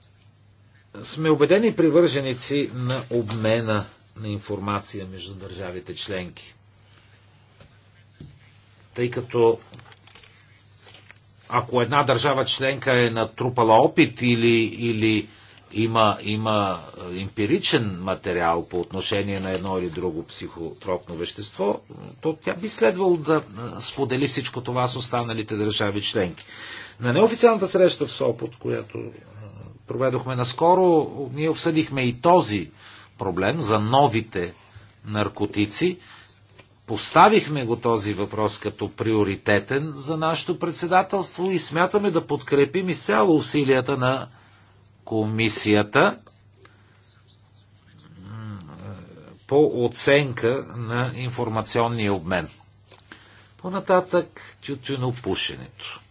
сме убедени привърженици на обмена на информация между държавите членки. Тъй като ако една държава членка е натрупала опит или, или има, има е, емпиричен материал по отношение на едно или друго психотропно вещество, то тя би следвало да е, сподели всичко това с останалите държави членки. На неофициалната среща в Сопот, която проведохме наскоро, ние обсъдихме и този проблем за новите наркотици. Поставихме го този въпрос като приоритетен за нашето председателство и смятаме да подкрепим изцяло усилията на комисията по оценка на информационния обмен. Понататък тютюнопушенето.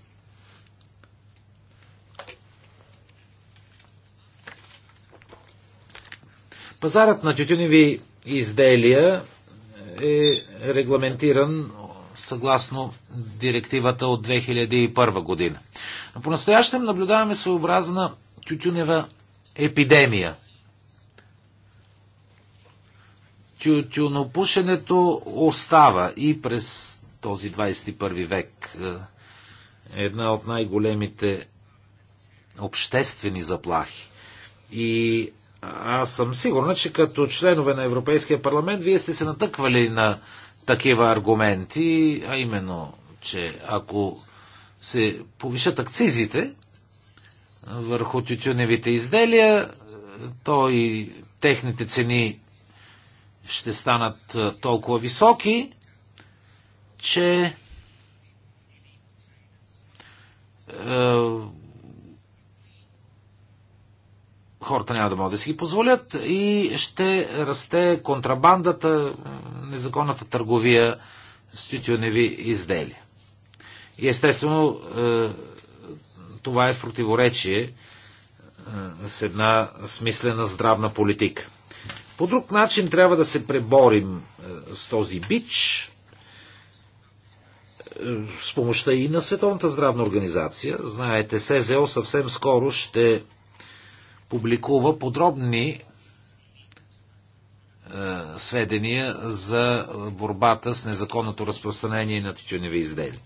Пазарът на тютюневи изделия е регламентиран съгласно директивата от 2001 година. По-настоящем наблюдаваме своеобразна тютюнева епидемия. Тютюнопушенето остава и през този 21 век е, една от най-големите обществени заплахи. И аз съм сигурна, че като членове на Европейския парламент вие сте се натъквали на такива аргументи, а именно, че ако се повишат акцизите върху тютюневите изделия, то и техните цени ще станат толкова високи, че хората няма да могат да си ги позволят и ще расте контрабандата, незаконната търговия с тютюневи изделия. И естествено, е, това е в противоречие е, с една смислена здравна политика. По друг начин трябва да се преборим е, с този бич с помощта и на Световната здравна организация. Знаете, СЗО съвсем скоро ще публикува подробни е, сведения за борбата с незаконното разпространение на тютюневи изделия.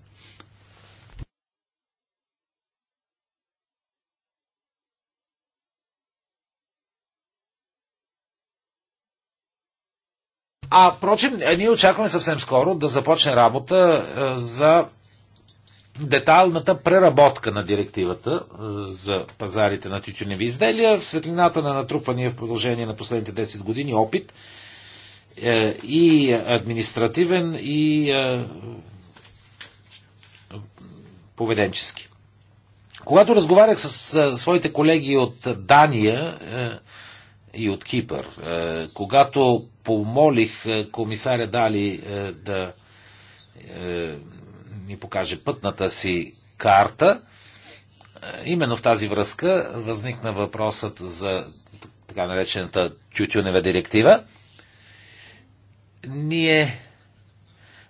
А, впрочем, е, ние очакваме съвсем скоро да започне работа е, за детайлната преработка на директивата е, за пазарите на тютюневи изделия в светлината на натрупания в продължение на последните 10 години опит е, и административен, и е, поведенчески. Когато разговарях с своите колеги от Дания и от Кипър, когато помолих комисаря Дали да ни покаже пътната си карта. Е, именно в тази връзка възникна въпросът за така наречената тютюнева директива. Ние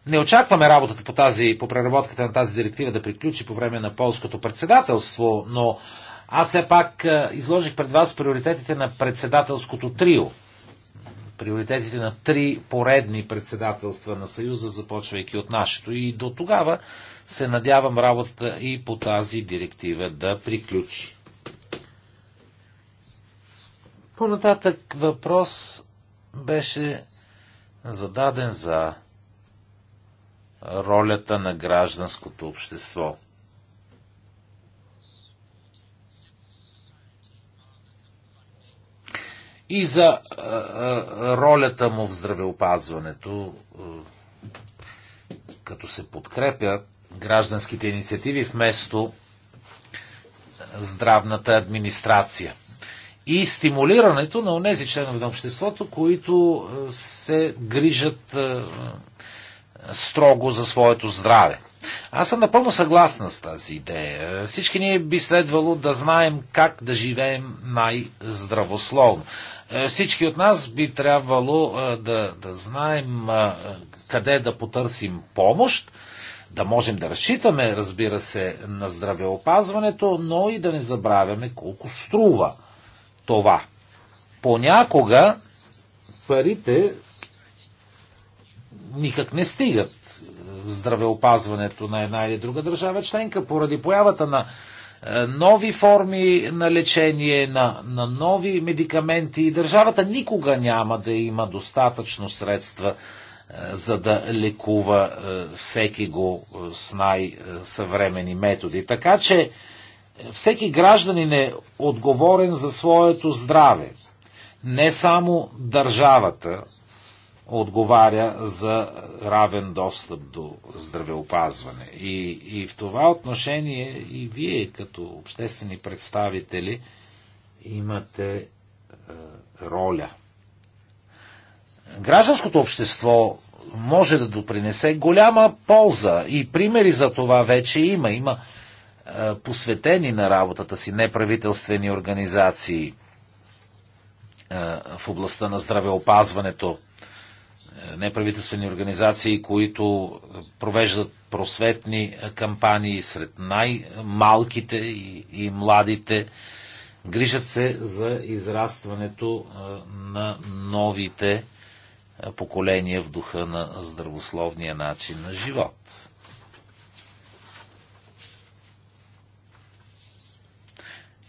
не очакваме работата по, тази, по преработката на тази директива да приключи по време на полското председателство, но аз все пак е, изложих пред вас приоритетите на председателското трио – приоритетите на три поредни председателства на Съюза, започвайки от нашето. И до тогава се надявам работата и по тази директива да приключи. Понататък въпрос беше зададен за ролята на гражданското общество – и за ролята му в здравеопазването, като се подкрепят гражданските инициативи вместо здравната администрация. И стимулирането на онези членове на обществото, които се грижат строго за своето здраве. Аз съм напълно съгласна с тази идея. Всички ние би следвало да знаем как да живеем най-здравословно. Е, всички от нас би трябвало е, да, да знаем е, къде да потърсим помощ, да можем да разчитаме, разбира се, на здравеопазването, но и да не забравяме колко струва това. Понякога парите никак не стигат в здравеопазването на една или друга държава членка поради появата на е, нови форми на лечение, на, на нови медикаменти и държавата никога няма да има достатъчно средства е, за да лекува е, всеки го с най-съвремени методи. Така че всеки гражданин е отговорен за своето здраве. Не само държавата отговаря за равен достъп до здравеопазване. И, и в това отношение и вие като обществени представители имате е, роля. Гражданското общество може да допринесе голяма полза и примери за това вече има. Има е, посветени на работата си неправителствени организации е, в областта на здравеопазването неправителствени организации, които провеждат просветни кампании сред най-малките и, и младите, грижат се за израстването на новите поколения в духа на здравословния начин на живот.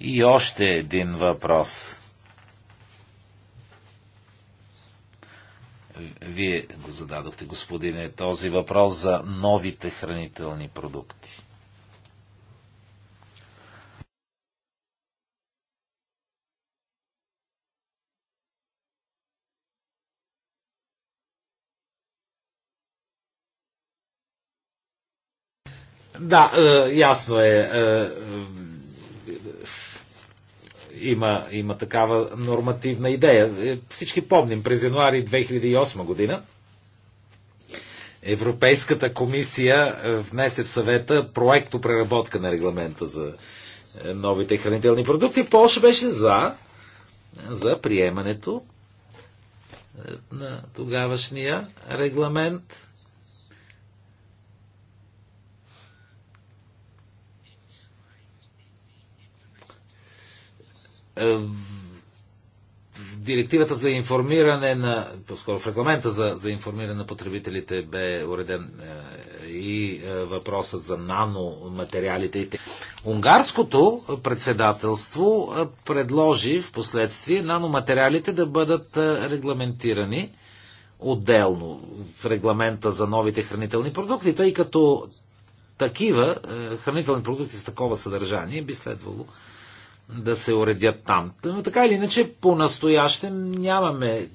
И още един въпрос. Вие го зададохте, господине, този въпрос за новите хранителни продукти. Да, е, ясно е, е има, има такава нормативна идея. Е, всички помним, през януари 2008 година Европейската комисия е, внесе в съвета проекто преработка на регламента за е, новите хранителни продукти. Полша беше за, за приемането на тогавашния регламент. Е, в директивата за информиране на, по-скоро в регламента за, за информиране на потребителите бе уреден е, и е, въпросът за наноматериалите. Унгарското председателство е, предложи в последствие наноматериалите да бъдат е, регламентирани отделно в регламента за новите хранителни продукти, тъй като такива е, хранителни продукти с такова съдържание би следвало да се уредят там. Но така или иначе, по настояще нямаме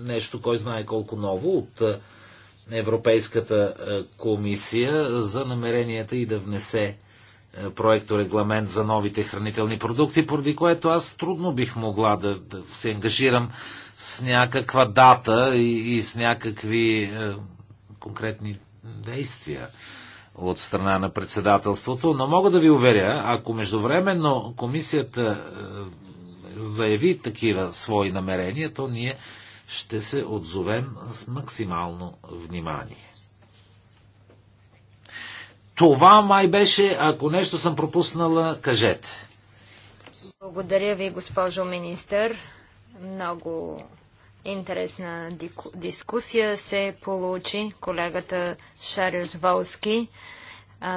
нещо, кой знае колко ново от е, Европейската е, комисия за намеренията и да внесе е, проекто регламент за новите хранителни продукти, поради което аз трудно бих могла да, да се ангажирам с някаква дата и, и с някакви е, конкретни действия от страна на председателството, но мога да ви уверя, ако междувременно комисията е, заяви такива свои намерения, то ние ще се отзовем с максимално внимание. Това май беше, ако нещо съм пропуснала, кажете. Благодаря ви, госпожо министър. Много Интересна дискусия се получи. Колегата Шарюш Волски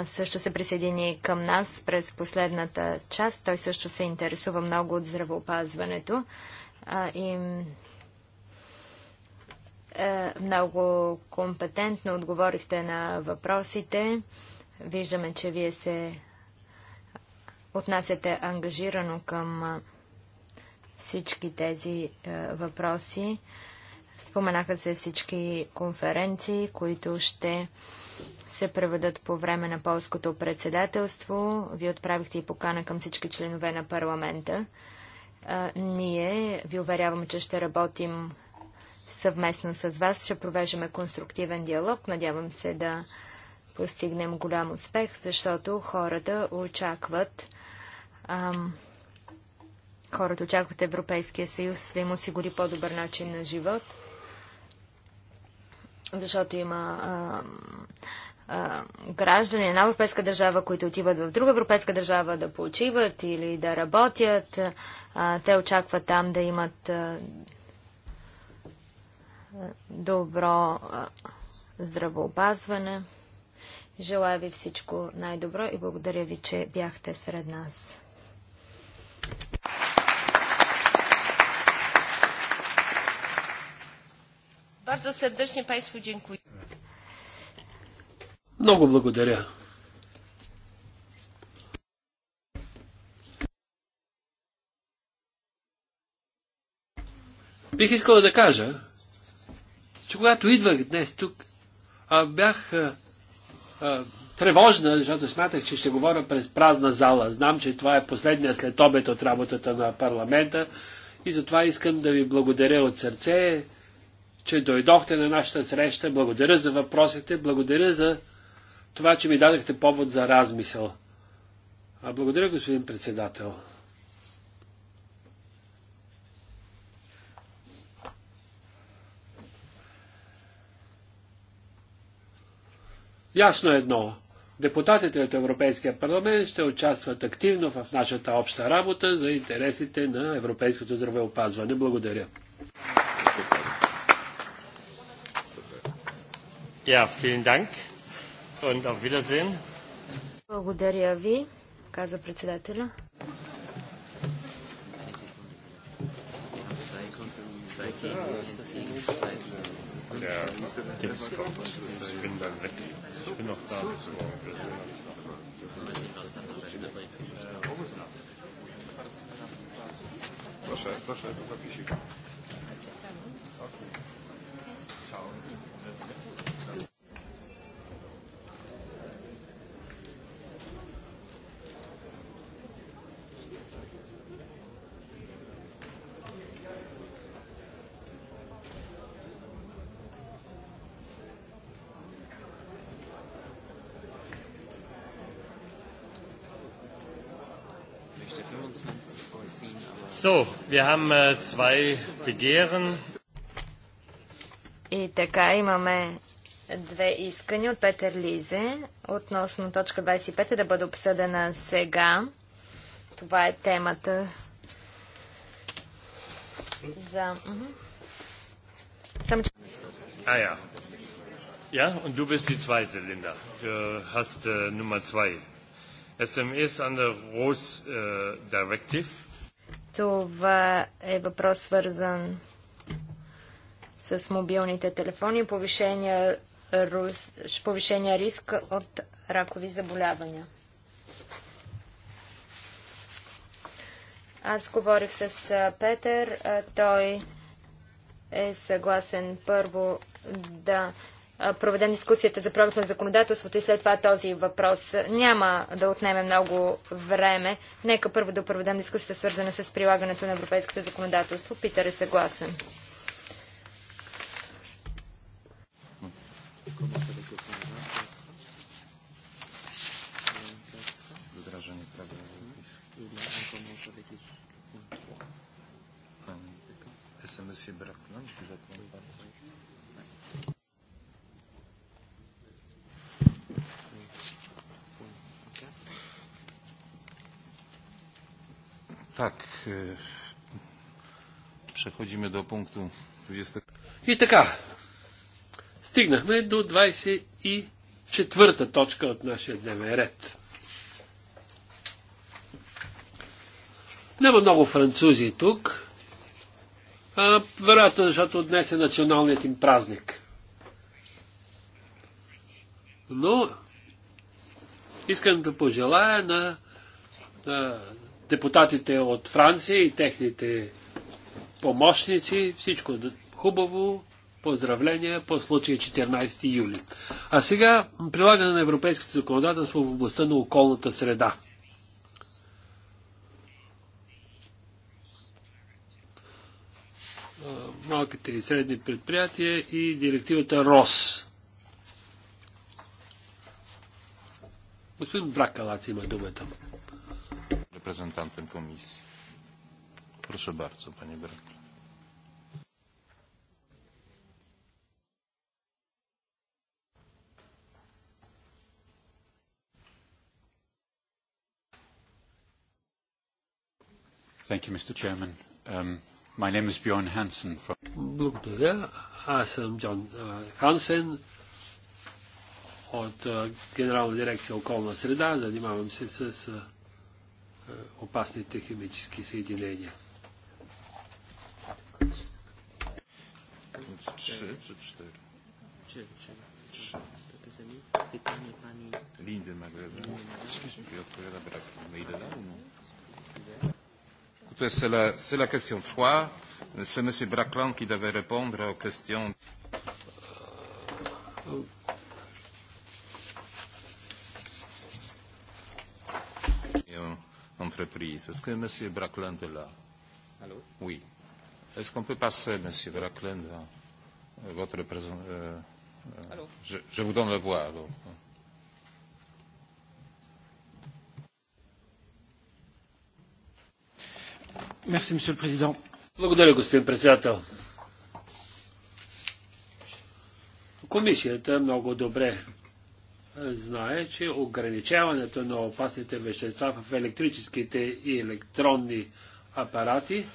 също се присъедини към нас през последната част. Той също се интересува много от здравеопазването. и е, много компетентно отговорихте на въпросите. Виждаме, че вие се отнасяте ангажирано към всички тези е, въпроси. Споменаха се всички конференции, които ще се преведат по време на полското председателство. Вие отправихте и покана към всички членове на парламента. Е, ние ви уверявам, че ще работим съвместно с вас, ще провеждаме конструктивен диалог. Надявам се да постигнем голям успех, защото хората очакват Хората очакват Европейския съюз да им осигури по-добър начин на живот, защото има а, а, граждани една европейска държава, които отиват в друга европейска държава да почиват или да работят. А, те очакват там да имат а, добро а, здравоопазване. Желая ви всичко най-добро и благодаря ви, че бяхте сред нас. Bardzo serdecznie Państwu dziękuję. Много благодаря. Бих искал да кажа, че когато идвах днес тук, а, бях а, а, тревожна, защото смятах, че ще говоря през празна зала. Знам, че това е последния след обед от работата на парламента и затова искам да ви благодаря от сърце че дойдохте на нашата среща. Благодаря за въпросите. Благодаря за това, че ми дадахте повод за размисъл. А благодаря, господин председател. Ясно е едно. Депутатите от Европейския парламент ще участват активно в нашата обща работа за интересите на европейското здравеопазване. Благодаря. Ja, vielen Dank und auf Wiedersehen. Благодаря ви, каза председателя. Der Tipps kommt. Ich bin dann weg. Ich bin noch da bis morgen. Wir sehen uns noch. Proszę, proszę, to zapisik. So, wir haben äh, zwei Begehren. И така имаме две искания от Петър Лизе относно точка 25 е да бъде обсъдена сега. Това е темата за... Сам... А, я. Я, и ти си die Линда. Ти си номер 2 under uh, Directive. Това е въпрос свързан с мобилните телефони, повишения, повишения риск от ракови заболявания. Аз говорих с Петър. Той е съгласен първо да проведем дискусията за прогрес на законодателството и след това този въпрос. Няма да отнеме много време. Нека първо да проведем дискусията свързана с прилагането на европейското законодателство. Питър е съгласен. Так, Преходиме до пункта 20. И така, стигнахме до 24-та точка от нашия дневен ред. Няма много французи тук, а, вероятно защото днес е националният им празник. Но искам да пожелая на, на депутатите от Франция и техните помощници. Всичко хубаво. Поздравления по случая 14 юли. А сега прилагане на европейското законодателство в областта на околната среда. малките и средни предприятия и директивата РОС. Господин Бракалац има думата reprezentantem komisji. Proszę bardzo, panie Brekle. Thank you, Mr. Chairman. Um, my name is Bjorn Hansen. From... Благодаря. Аз съм Джон Хансен от Генерална дирекция околна среда. Занимавам се с опасните химически съединения. Trzy czy cztery? Trzy, trzy. Trzy. Pytanie pani... Lindy Magreza. I odpowiada brak. Mailera? Écoutez, c'est la, la question 3. C'est M. Braclan qui devait répondre aux questions. entreprises. Est-ce que M. Brackland est là Allô Oui. Est-ce qu'on peut passer, M. Brackland, à votre présentation euh, je, je vous donne la voix, alors. Merci, M. le Président. Благодаря, господин председател. Комисията много добре знае, че ограничаването на опасните вещества в електрическите и електронни апарати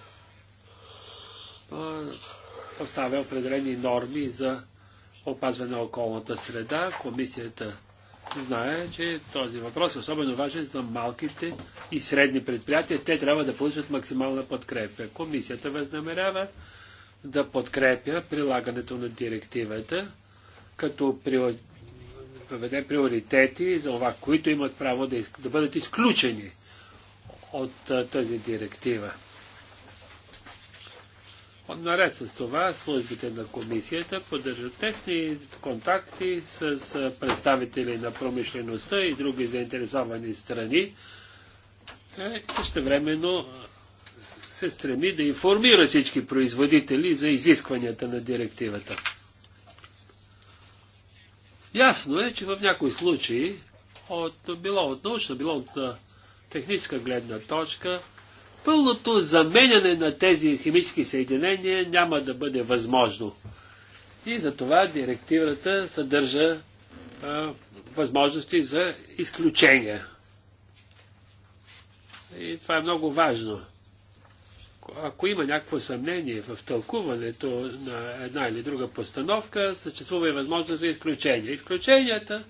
поставя определени норми за опазване на околната среда. Комисията знае, че този въпрос е особено важен за малките и средни предприятия. Те трябва да получат максимална подкрепа. Комисията възнамерява да подкрепя прилагането на директивата, като проведе приоритети за това, които имат право да, из... да бъдат изключени от а, тази директива. Наред с това, службите на комисията поддържат тесни контакти с представители на промишлеността и други заинтересовани страни. Е, също времено се стреми да информира всички производители за изискванията на директивата. Ясно е, че в някои случаи, от, било от научна, било от техническа гледна точка, пълното заменяне на тези химически съединения няма да бъде възможно. И затова директивата съдържа а, възможности за изключения. И това е много важно ако има някакво съмнение в тълкуването на една или друга постановка, съществува и възможност за изключения. Изключенията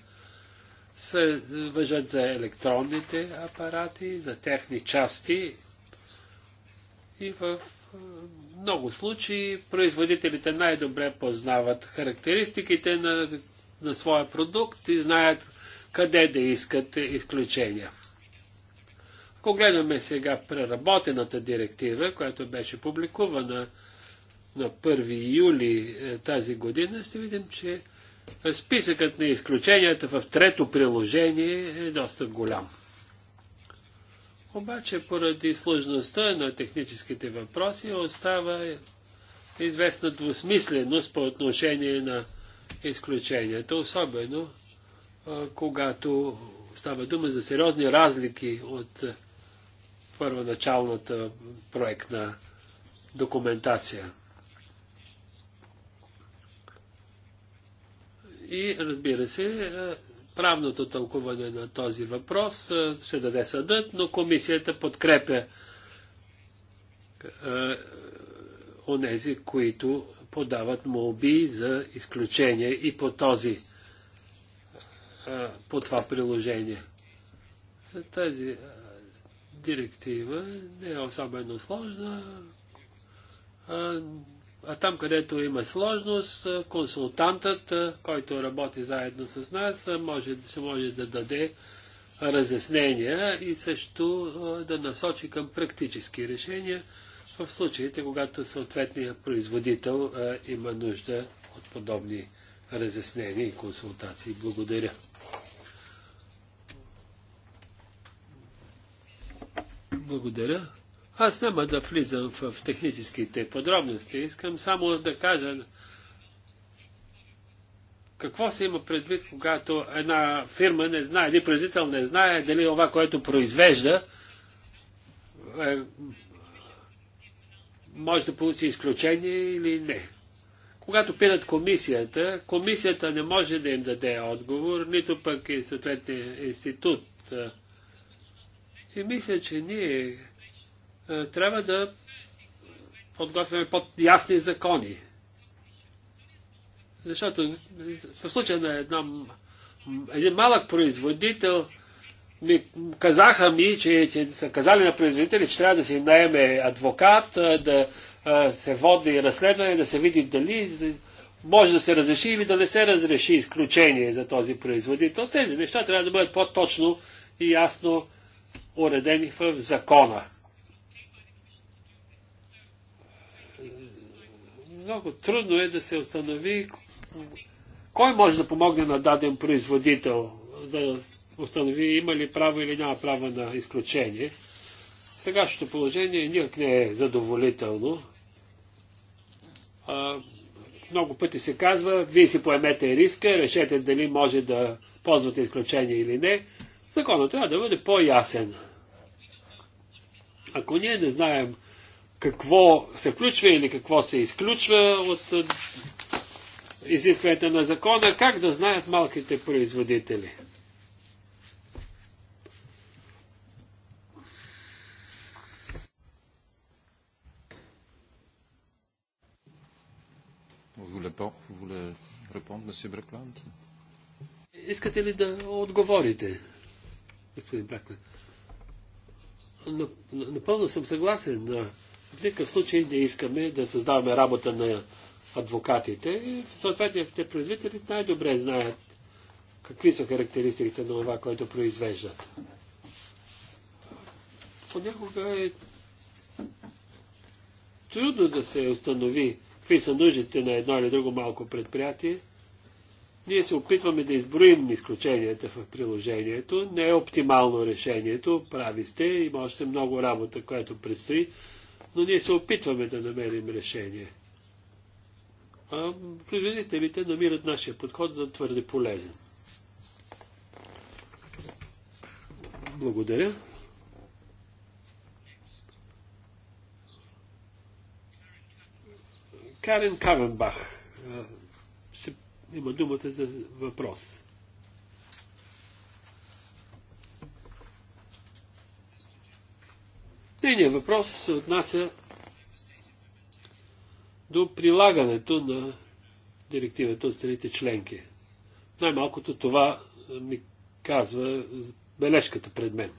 се въжат за електронните апарати, за техни части и в много случаи производителите най-добре познават характеристиките на, на своя продукт и знаят къде да искат изключения. Ако гледаме сега преработената директива, която беше публикувана на 1 юли е, тази година, ще видим, че списъкът на изключенията в трето приложение е доста голям. Обаче поради сложността на техническите въпроси остава известна двусмисленост по отношение на изключенията, особено когато става дума за сериозни разлики от първоначалната проектна документация. И разбира се, е, правното тълкуване на този въпрос е, ще даде съдът, но комисията подкрепя е, онези, които подават молби за изключение и по този по това приложение. Тази директива не е особено сложна, а, а там, където има сложност, консултантът, който работи заедно с нас, може, ще може да даде разяснения и също да насочи към практически решения в случаите, когато съответният производител има нужда от подобни разяснения и консултации. Благодаря. Благодаря. Аз няма да влизам в техническите подробности. Искам само да кажа какво се има предвид, когато една фирма не знае, или производител не знае дали това, което произвежда, е, може да получи изключение или не. Когато пинат комисията, комисията не може да им даде отговор, нито пък и съответния институт е, и мисля, че ние трябва да подготвяме под ясни закони. Защото в случая на една, един малък производител ми казаха ми, че, че са казали на производители, че трябва да си наеме адвокат, да се води разследване, да се види дали може да се разреши или да не се разреши изключение за този производител. Тези неща трябва да бъдат по-точно и ясно уредени в закона. Много трудно е да се установи кой може да помогне на даден производител да установи има ли право или няма право на изключение. Сегашното положение никак не е задоволително. А, много пъти се казва, вие си поемете риска, решете дали може да ползвате изключение или не. Законът трябва да бъде по-ясен. Ако ние не знаем какво се включва или какво се изключва от изискванията на закона, как да знаят малките производители? Искате ли да отговорите, господин Бракленд? Напълно съм съгласен. В никакъв случай не искаме да създаваме работа на адвокатите и съответните производители най-добре знаят какви са характеристиките на това, което произвеждат. Понякога е трудно да се установи какви са нуждите на едно или друго малко предприятие, ние се опитваме да изброим изключенията в приложението. Не е оптимално решението, прави сте, има още много работа, която предстои, но ние се опитваме да намерим решение. А производителите намират нашия подход за твърде полезен. Благодаря. Карен Кавенбах има думата за въпрос. Тейният въпрос се отнася до прилагането на директивата от страните членки. Най-малкото това ми казва бележката пред мен.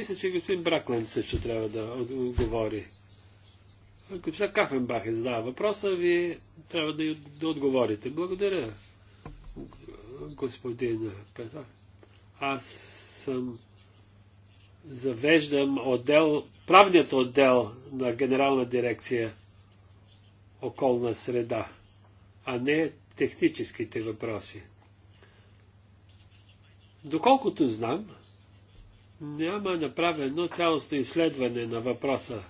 Мисля, че господин Бракленд също трябва да отговори. Госпожа Кафенбах е задава въпроса, вие трябва да, да отговорите. Благодаря, господин Петър. Аз съм завеждам отдел, правният отдел на Генерална дирекция околна среда, а не техническите въпроси. Доколкото знам, няма направено цялостно изследване на въпроса.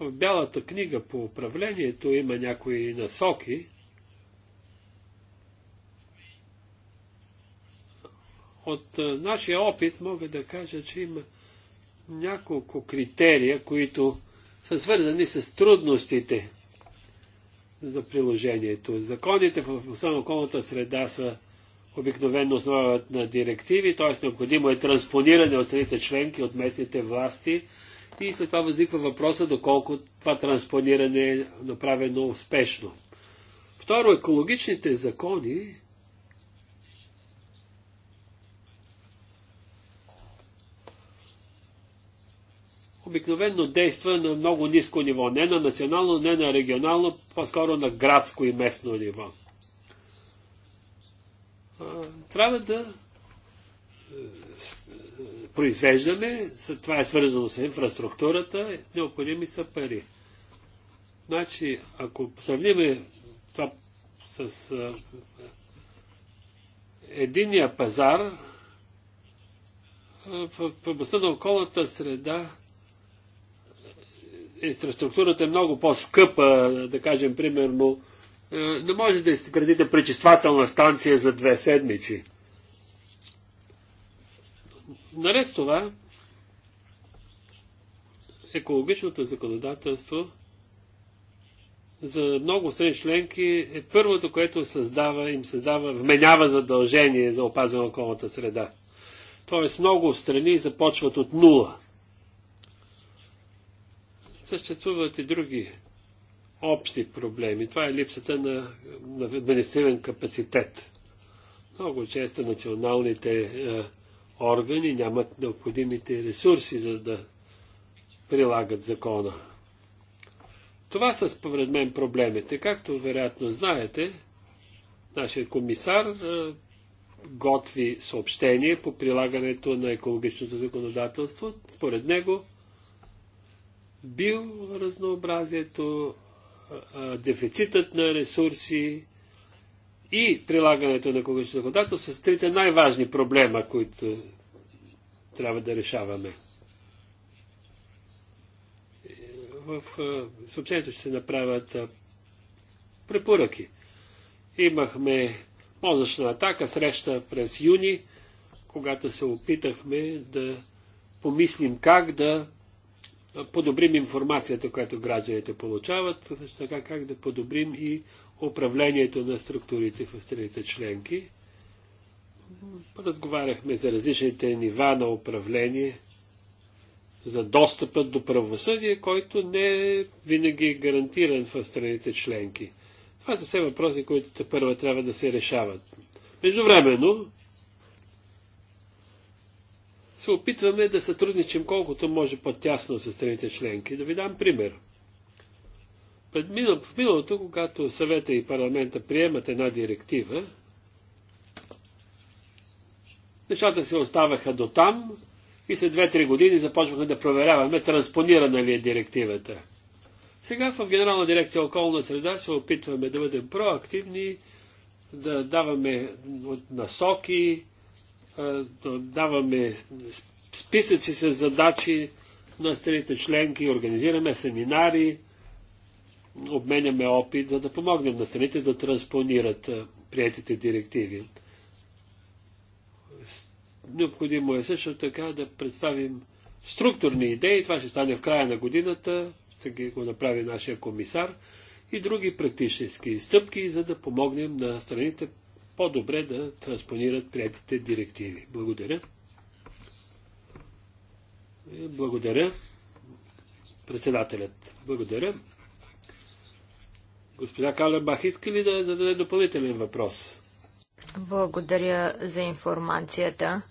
В Бялата книга по управлението има някои насоки, от нашия опит мога да кажа, че има няколко критерия, които са свързани с трудностите за приложението. Законите в областта околната среда са обикновено основават на директиви, т.е. необходимо е транспониране от страните членки, от местните власти и след това възниква въпроса доколко това транспониране е направено успешно. Второ, екологичните закони обикновено действа на много ниско ниво, не на национално, не на регионално, по-скоро на градско и местно ниво трябва да е, произвеждаме, това е свързано с инфраструктурата, необходими са пари. Значи, ако сравним това с а, единия пазар, в областта на околната среда инфраструктурата е много по-скъпа, да кажем, примерно, е, не може да изградите пречиствателна станция за две седмици. Наред с това, екологичното законодателство за много страни членки е първото, което създава, им създава, вменява задължение за опазване на околната среда. Тоест много страни започват от нула. Съществуват и други общи проблеми. Това е липсата на, на административен капацитет. Много често националните е, органи нямат необходимите ресурси, за да прилагат закона. Това са според мен проблемите. Както вероятно знаете, нашия комисар е, готви съобщение по прилагането на екологичното законодателство. Според него биоразнообразието дефицитът на ресурси и прилагането на екологично законодателство са трите най-важни проблема, които трябва да решаваме. В съобщението ще се направят препоръки. Имахме мозъчна атака, среща през юни, когато се опитахме да помислим как да подобрим информацията, която гражданите получават, също така как да подобрим и управлението на структурите в страните членки. Разговаряхме за различните нива на управление, за достъпът до правосъдие, който не е винаги гарантиран в страните членки. Това са все въпроси, които първа трябва да се решават. Междувременно, се опитваме да сътрудничим колкото може по-тясно с страните членки. Да ви дам пример. в миналото, когато съвета и парламента приемат една директива, нещата се оставаха до там и след 2-3 години започваха да проверяваме транспонирана ли е директивата. Сега в Генерална дирекция околна среда се опитваме да бъдем проактивни, да даваме насоки, даваме списъци с задачи на страните членки, организираме семинари, обменяме опит, за да помогнем на страните да транспонират приятите директиви. Необходимо е също така да представим структурни идеи, това ще стане в края на годината, ще ги го направи нашия комисар, и други практически стъпки, за да помогнем на страните по-добре да транспонират приятите директиви. Благодаря. Е, благодаря. Председателят. Благодаря. Господа Калебах, иска ли да зададе допълнителен въпрос? Благодаря за информацията.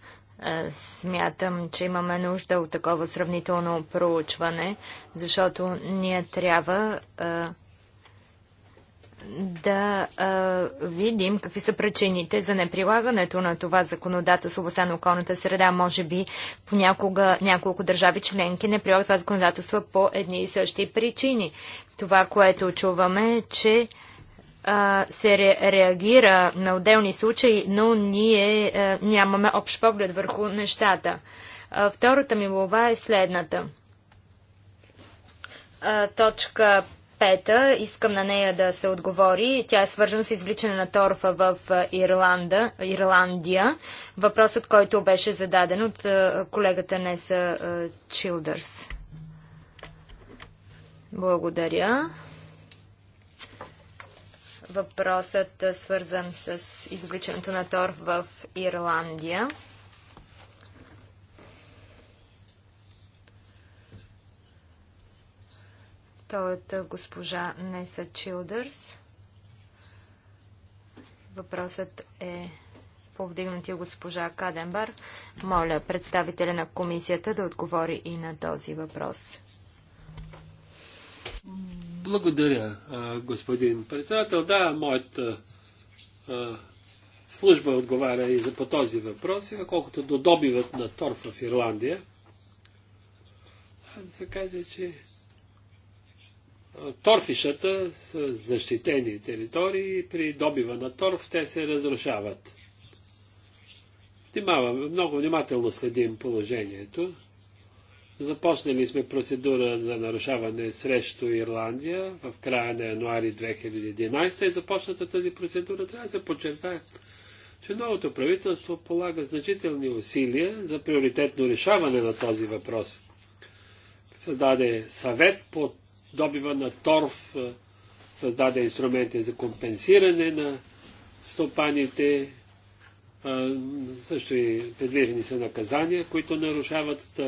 Е, смятам, че имаме нужда от такова сравнително проучване, защото ние трябва е, да а, видим какви са причините за неприлагането на това законодателство в областта на околната среда. Може би понякога няколко държави членки не прилагат това законодателство по едни и същи причини. Това, което чуваме е, че а, се ре, реагира на отделни случаи, но ние а, нямаме общ поглед върху нещата. А, втората ми глава е следната. А, точка пета, искам на нея да се отговори. Тя е свържена с извличане на торфа в Ирланда, Ирландия. Въпросът, който беше зададен от колегата Неса Чилдърс. Благодаря. Въпросът свързан с извличането на торф в Ирландия. Той е госпожа Неса Чилдърс. Въпросът е повдигнати от госпожа Каденбар. Моля представителя на комисията да отговори и на този въпрос. Благодаря, господин председател. Да, моята служба отговаря и за по този въпрос. И колкото до добивът на торф в Ирландия, да се каже, че торфишата с защитени територии. При добива на торф те се разрушават. Внимавам, много внимателно следим положението. Започнали сме процедура за нарушаване срещу Ирландия в края на януари 2011 и започната тази процедура. Трябва да се подчертая, че новото правителство полага значителни усилия за приоритетно решаване на този въпрос. Създаде съвет по добива на торф създаде инструменти за компенсиране на стопаните, също и предвидени са наказания, които нарушават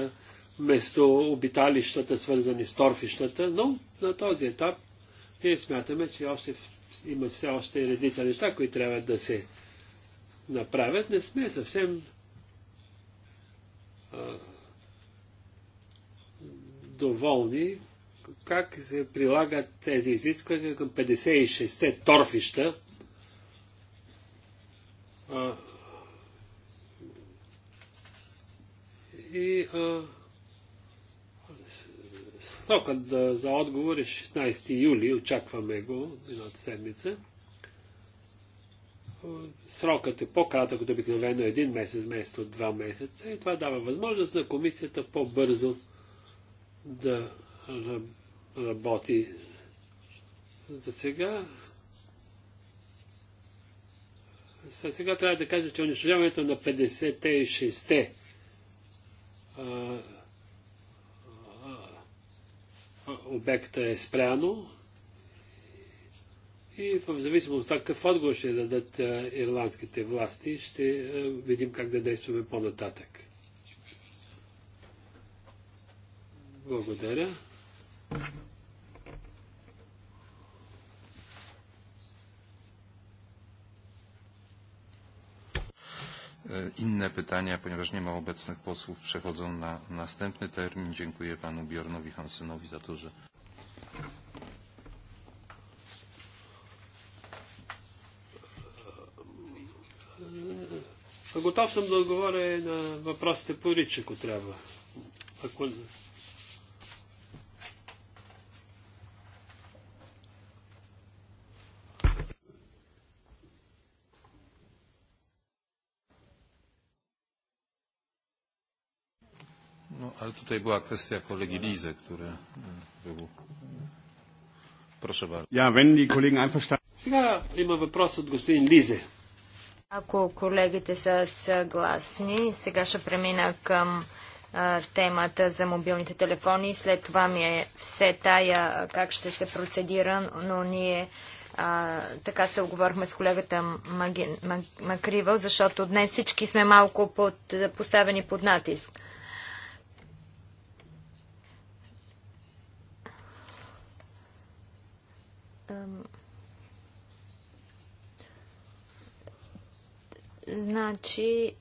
местообиталищата, свързани с торфищата, но на този етап ние смятаме, че още има все още редица неща, които трябва да се направят. Не сме съвсем а, доволни как се прилагат тези изисквания към 56-те торфища, а, и срокът да, за отговор е 16 юли, очакваме го миналата седмица. Срокът е по-кратък от обикновено един месец, вместо два месеца и това дава възможност на комисията по-бързо да работи. За сега за сега трябва да кажа, че унищожаването на 50-те и 6-те обекта е спряно и в зависимост от това какъв отговор ще дадат а, ирландските власти, ще а, видим как да действаме по-нататък. Благодаря. Inne pytania, ponieważ nie ma obecnych posłów, przechodzą na następny termin. Dziękuję panu Bjornowi Hansenowi za to, że Готов съм да отговоря на въпросите по рич, ако трябва. Ако ale tutaj była kwestia kolegi Lize, który e, był... Proszę bardzo. Ja, wenn die Kollegen einverstanden... Сега има въпрос от господин Лизе. Ако колегите са съгласни, сега ще премина към темата за мобилните телефони. След това ми е все тая как ще се процедира, но ние а, така се оговорихме с колегата Маги, Мак, защото днес всички сме малко под, поставени под натиск. Значи,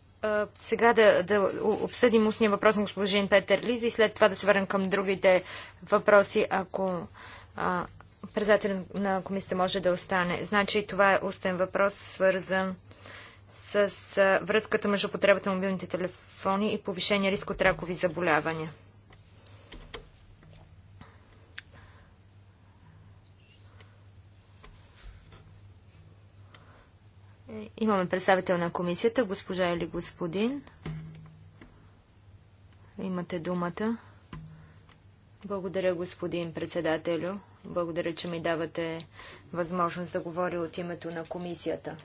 сега да, да обсъдим устния въпрос на господин Петър Лиз и след това да се върнем към другите въпроси, ако а, председателят на комисията може да остане. Значи това е устен въпрос, свързан с а, връзката между потребата на мобилните телефони и повишения риск от ракови заболявания. Имаме представител на комисията, госпожа или господин. Имате думата. Благодаря, господин председателю. Благодаря, че ми давате възможност да говоря от името на комисията.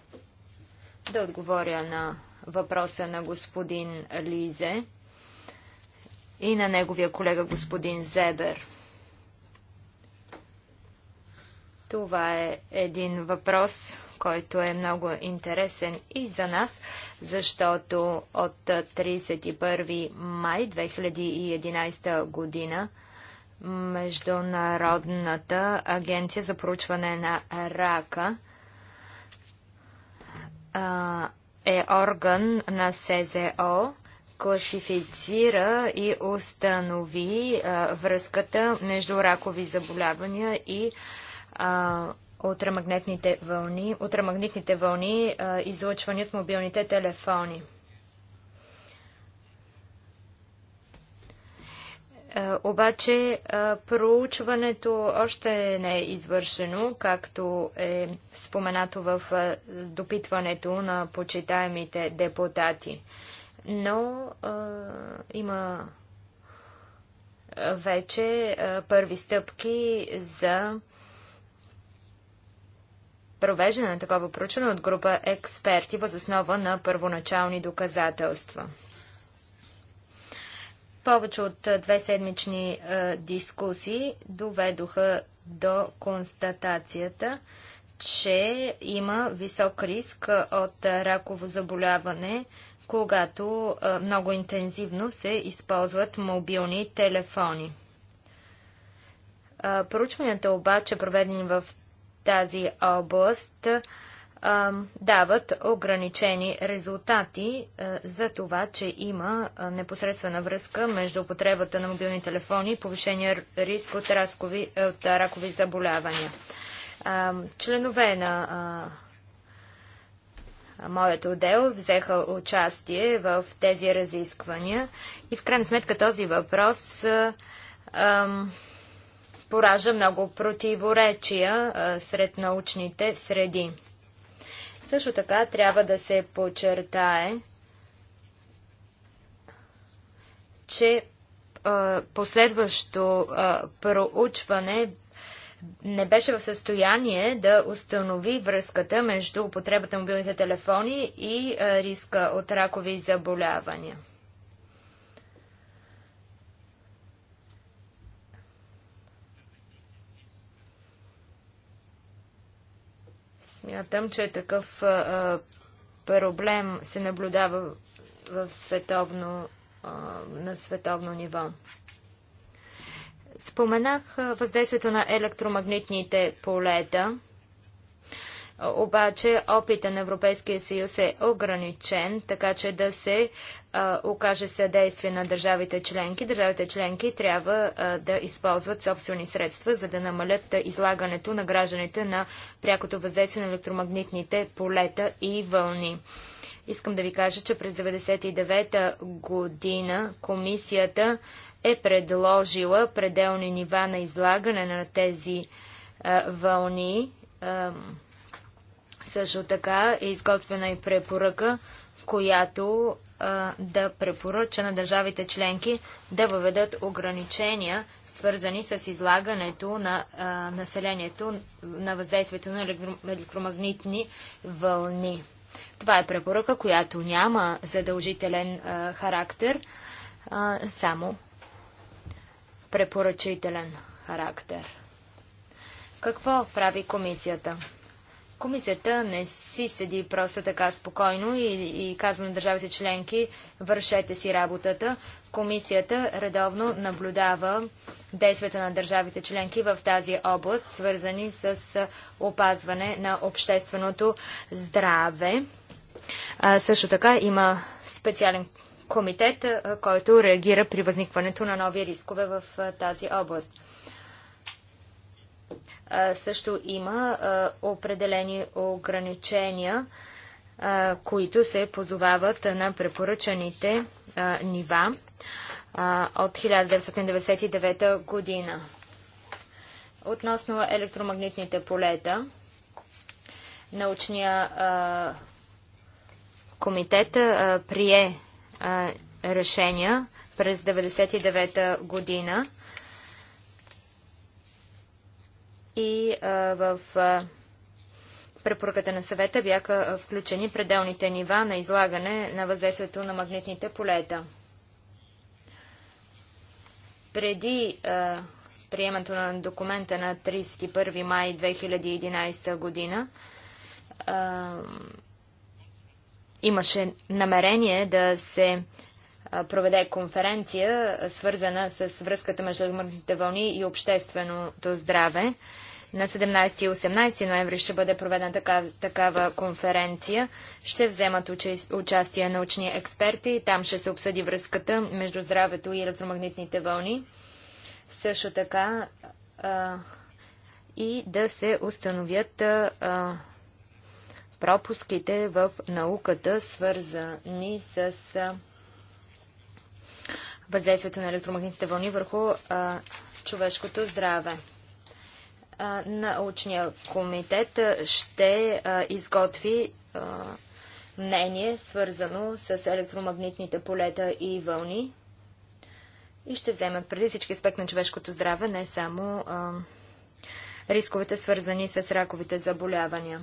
Да отговоря на въпроса на господин Лизе и на неговия колега господин Зебер. Това е един въпрос, който е много интересен и за нас, защото от 31 май 2011 година Международната агенция за проучване на рака е орган на СЗО, класифицира и установи връзката между ракови заболявания и а, ултрамагнитните вълни, ултрамагнитните вълни а, излъчвани от мобилните телефони. Обаче проучването още не е извършено, както е споменато в допитването на почитаемите депутати. Но а, има вече първи стъпки за провеждане на такова проучване от група експерти възоснова на първоначални доказателства. Повече от две седмични е, дискусии доведоха до констатацията, че има висок риск от раково заболяване, когато е, много интензивно се използват мобилни телефони. Проучванията обаче, проведени в тази област дават ограничени резултати за това, че има непосредствена връзка между употребата на мобилни телефони и повишения риск от, от ракови заболявания. Членове на моят отдел взеха участие в тези разисквания и в крайна сметка този въпрос ам, поража много противоречия сред научните среди. Също така трябва да се подчертае, че последващо проучване не беше в състояние да установи връзката между употребата на мобилните телефони и риска от ракови заболявания. Смятам, че такъв а, проблем се наблюдава в световно, а, на световно ниво. Споменах въздействието на електромагнитните полета. Обаче опита на Европейския съюз е ограничен, така че да се а, окаже съдействие на държавите членки. Държавите членки трябва а, да използват собствени средства, за да намалят излагането на гражданите на прякото въздействие на електромагнитните полета и вълни. Искам да ви кажа, че през 1999 година комисията е предложила пределни нива на излагане на тези а, вълни. А, също така е изготвена и препоръка, която а, да препоръча на държавите членки да въведат ограничения, свързани с излагането на а, населението на въздействието на електромагнитни вълни. Това е препоръка, която няма задължителен а, характер, а, само препоръчителен характер. Какво прави комисията? Комисията не си седи просто така спокойно и, и казва на държавите членки, вършете си работата. Комисията редовно наблюдава действията на държавите членки в тази област, свързани с опазване на общественото здраве. А, също така има специален комитет, който реагира при възникването на нови рискове в тази област също има определени ограничения, които се позовават на препоръчаните нива от 1999 година. Относно електромагнитните полета, научния комитет прие решения през 1999 година и в препоръката на съвета бяха включени пределните нива на излагане на въздействието на магнитните полета. Преди а, приемането на документа на 31 май 2011 година а, имаше намерение да се проведе конференция, свързана с връзката между магнитните вълни и общественото здраве. На 17 и 18 ноември ще бъде проведена такава конференция. Ще вземат участие научни експерти. Там ще се обсъди връзката между здравето и електромагнитните вълни. Също така а, и да се установят а, пропуските в науката, свързани с а, въздействието на електромагнитните вълни върху а, човешкото здраве научния комитет ще изготви мнение, свързано с електромагнитните полета и вълни и ще вземат преди всички аспект на човешкото здраве, не само а, рисковете свързани с раковите заболявания.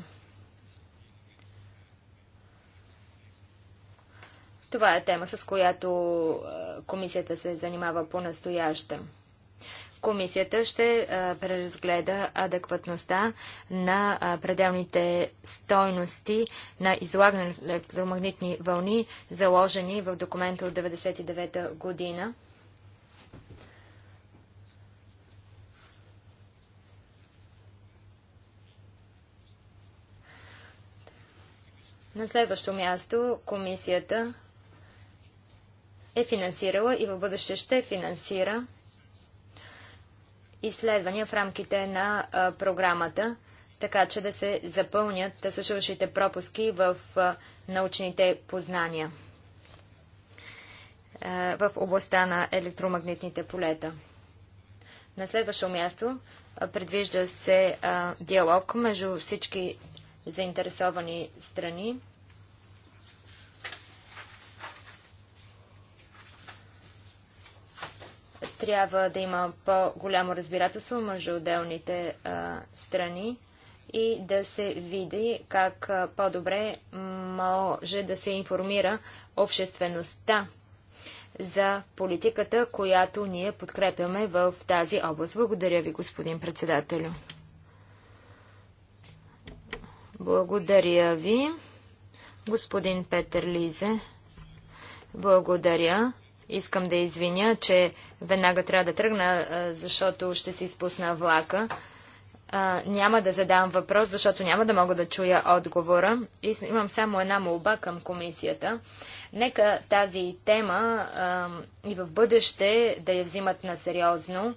Това е тема, с която комисията се занимава по-настоящем. Комисията ще преразгледа адекватността на пределните стойности на излагане на електромагнитни вълни, заложени в документа от 1999 година. На следващо място комисията е финансирала и в бъдеще ще финансира изследвания в рамките на програмата, така че да се запълнят съшуващите пропуски в научните познания в областта на електромагнитните полета. На следващо място предвижда се диалог между всички заинтересовани страни Трябва да има по-голямо разбирателство между отделните а, страни и да се види как по-добре може да се информира обществеността за политиката, която ние подкрепяме в тази област. Благодаря ви, господин председателю. Благодаря ви, господин Петър Лизе. Благодаря. Искам да извиня, че веднага трябва да тръгна, защото ще се изпусна влака. няма да задам въпрос, защото няма да мога да чуя отговора. И имам само една молба към комисията. Нека тази тема и в бъдеще да я взимат на сериозно.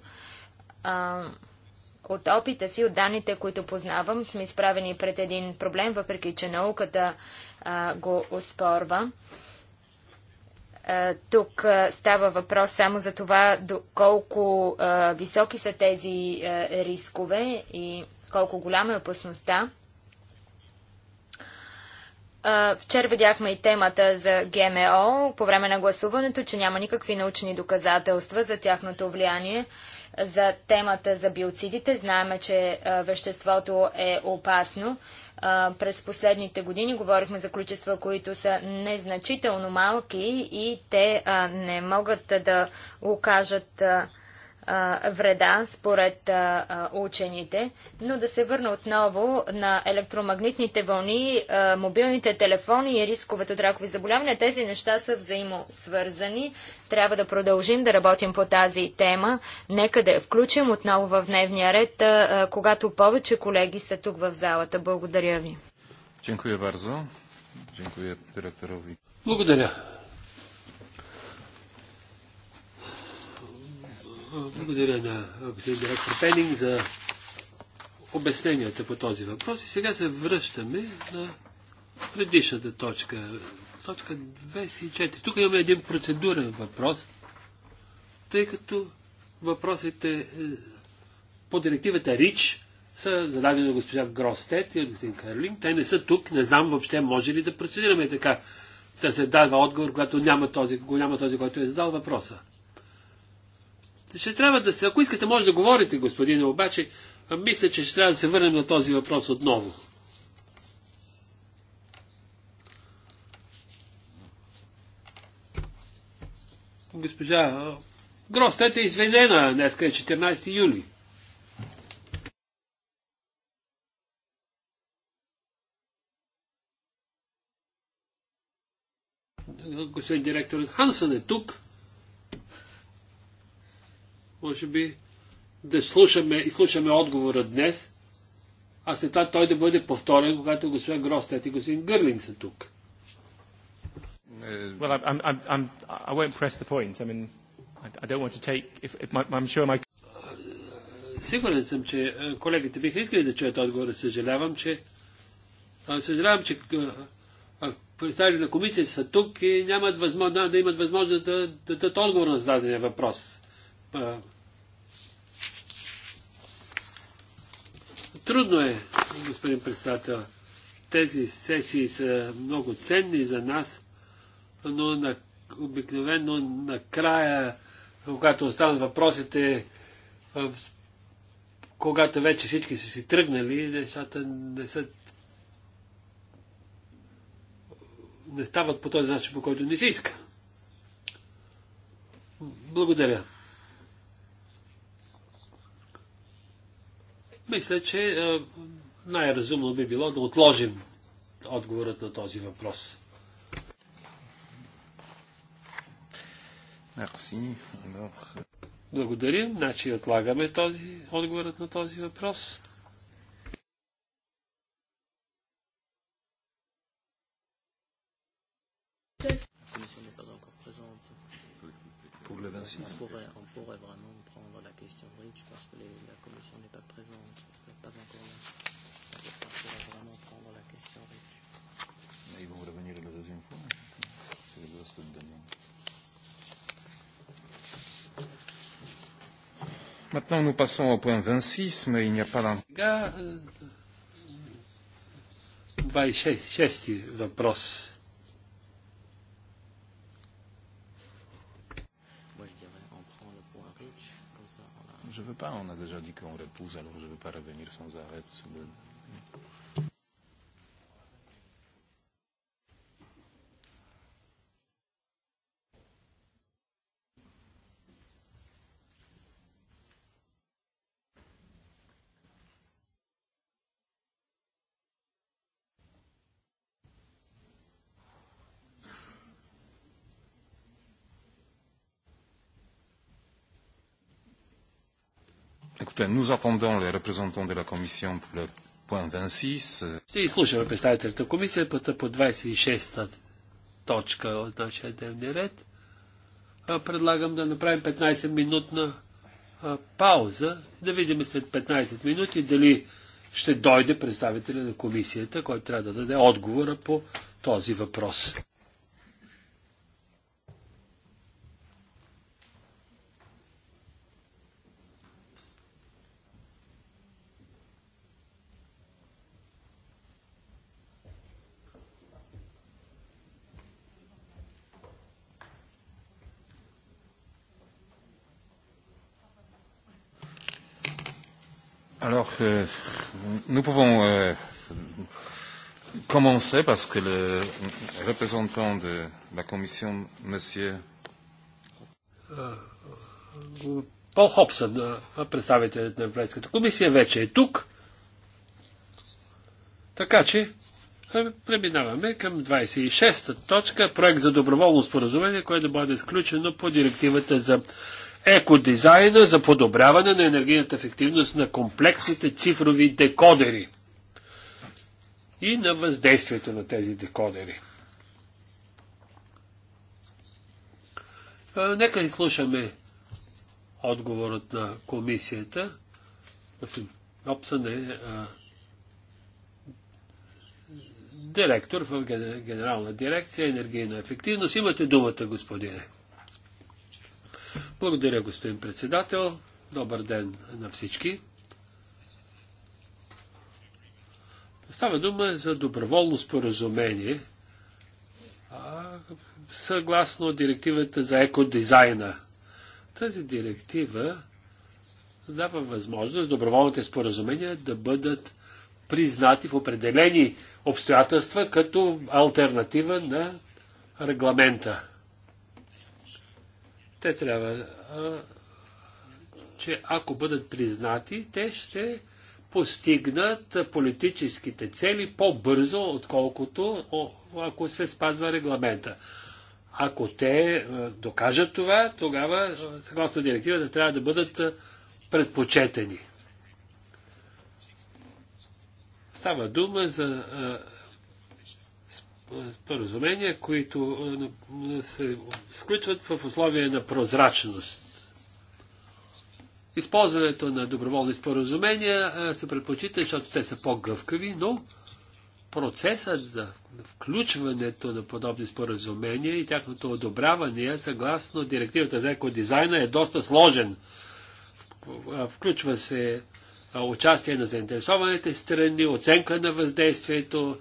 от опита си, от данните, които познавам, сме изправени пред един проблем, въпреки че науката го оспорва. Е, тук е, става въпрос само за това колко е, високи са тези рискове и колко голяма е опасността. Вчера видяхме и темата за ГМО по време на гласуването, че няма никакви научни доказателства за тяхното влияние. За темата за биоцидите знаеме, че веществото е опасно през последните години. Говорихме за количества, които са незначително малки и те не могат да окажат а, вреда според учените. Но да се върна отново на електромагнитните вълни, мобилните телефони и рисковете от ракови заболявания. Тези неща са взаимосвързани. Трябва да продължим да работим по тази тема. Нека да я включим отново в дневния ред, когато повече колеги са тук в залата. Благодаря ви. Благодаря. Благодаря на господин директор Пенинг за обясненията по този въпрос. И сега се връщаме на предишната точка. Точка 24. Тук имаме един процедурен въпрос, тъй като въпросите е, по директивата РИЧ са зададени на госпожа Гростет и господин Карлин. Те не са тук. Не знам въобще може ли да процедираме така. Да се дава отговор, когато няма този, няма този, който е задал въпроса. Ще трябва да се, ако искате, може да говорите, господине, обаче мисля, че ще трябва да се върнем на този въпрос отново. Госпожа Гростет е изведена днес, е 14 юли. Господин директор, Хансън е тук може би да слушаме и слушаме отговора днес, а след това той да бъде повторен, когато господин Гростет и господин Гърлин са тук. Е, well, I'm, I'm, I'm, I won't press the point. I mean, I don't want to take. If, if my, I'm sure my. Сигурен съм, че е, колегите биха искали да чуят отговора. Съжалявам, че е, съжалявам, че представители на комисия са тук и нямат възможност да имат възможност да, да дадат отговор на зададения въпрос. Трудно е, господин председател. Тези сесии са много ценни за нас, но на, обикновено накрая, когато останат въпросите, когато вече всички са си тръгнали, нещата не са не стават по този начин, по който не се иска. Благодаря. Мисля, че е, най-разумно би било да отложим отговорът на този въпрос. Благодаря. Значи отлагаме този, отговорът на този въпрос. Pour le 26. On pourrait, on pourrait vraiment prendre la question Rich parce que les, la Maintenant, nous passons au point 26, mais il n'y a pas d'entrée. Je ne veux pas, on a déjà dit qu'on repousse, alors je ne veux pas revenir sans arrêt. Sur le... Nous attendons les représentants de la Commission pour le point 26. Ще изслушаме представителите на комисията по 26-та точка от нашия дневния ред. Предлагам да направим 15-минутна пауза, да видим след 15 минути дали ще дойде представителя на комисията, който трябва да даде отговора по този въпрос. Alors, euh, nous pouvons euh, commencer parce que le représentant de la Commission, Monsieur. Пол euh, Хобсън, euh, представителят на Европейската комисия, вече е тук. Така че е, преминаваме към 26-та точка, проект за доброволно споразумение, което да бъде изключено по директивата за екодизайна за подобряване на енергийната ефективност на комплексните цифрови декодери и на въздействието на тези декодери. Нека изслушаме отговорът на комисията. Господин Робсън е а, директор в Генерална дирекция енергийна ефективност. Имате думата, господине. Благодаря, господин председател. Добър ден на всички. Става дума за доброволно споразумение, а, съгласно директивата за екодизайна. Тази директива дава възможност доброволните споразумения да бъдат признати в определени обстоятелства като альтернатива на регламента. Те трябва, а, че ако бъдат признати, те ще постигнат политическите цели по-бързо, отколкото ако се спазва регламента. Ако те докажат това, тогава, съгласно директивата, трябва да бъдат предпочетени. Става дума за споразумения, които се сключват в условия на прозрачност. Използването на доброволни споразумения се предпочита, защото те са по-гъвкави, но процесът за включването на подобни споразумения и тяхното одобряване съгласно директивата за екодизайна е доста сложен. Включва се участие на заинтересованите страни, оценка на въздействието,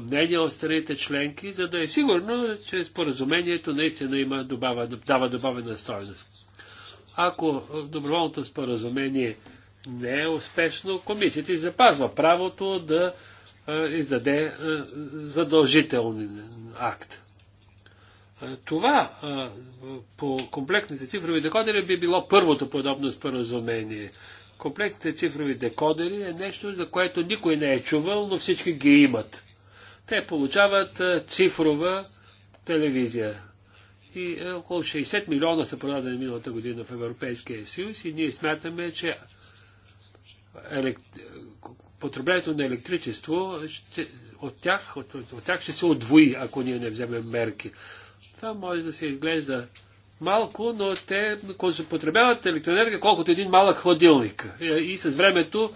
мнение от страните членки, за да е сигурно, че споразумението наистина има добава, дава добавена стоеност. Ако доброволното споразумение не е успешно, комисията запазва правото да издаде задължителен акт. Това по комплексните цифрови декодери би било първото подобно споразумение. Комплексните цифрови декодери е нещо, за което никой не е чувал, но всички ги имат те получават цифрова телевизия. И около 60 милиона са продадени миналата година в Европейския съюз и ние смятаме, че потреблението на електричество от, тях, от, от тях ще се отвои, ако ние не вземем мерки. Това може да се изглежда малко, но те потребяват електроенергия колкото един малък хладилник. Е, и с времето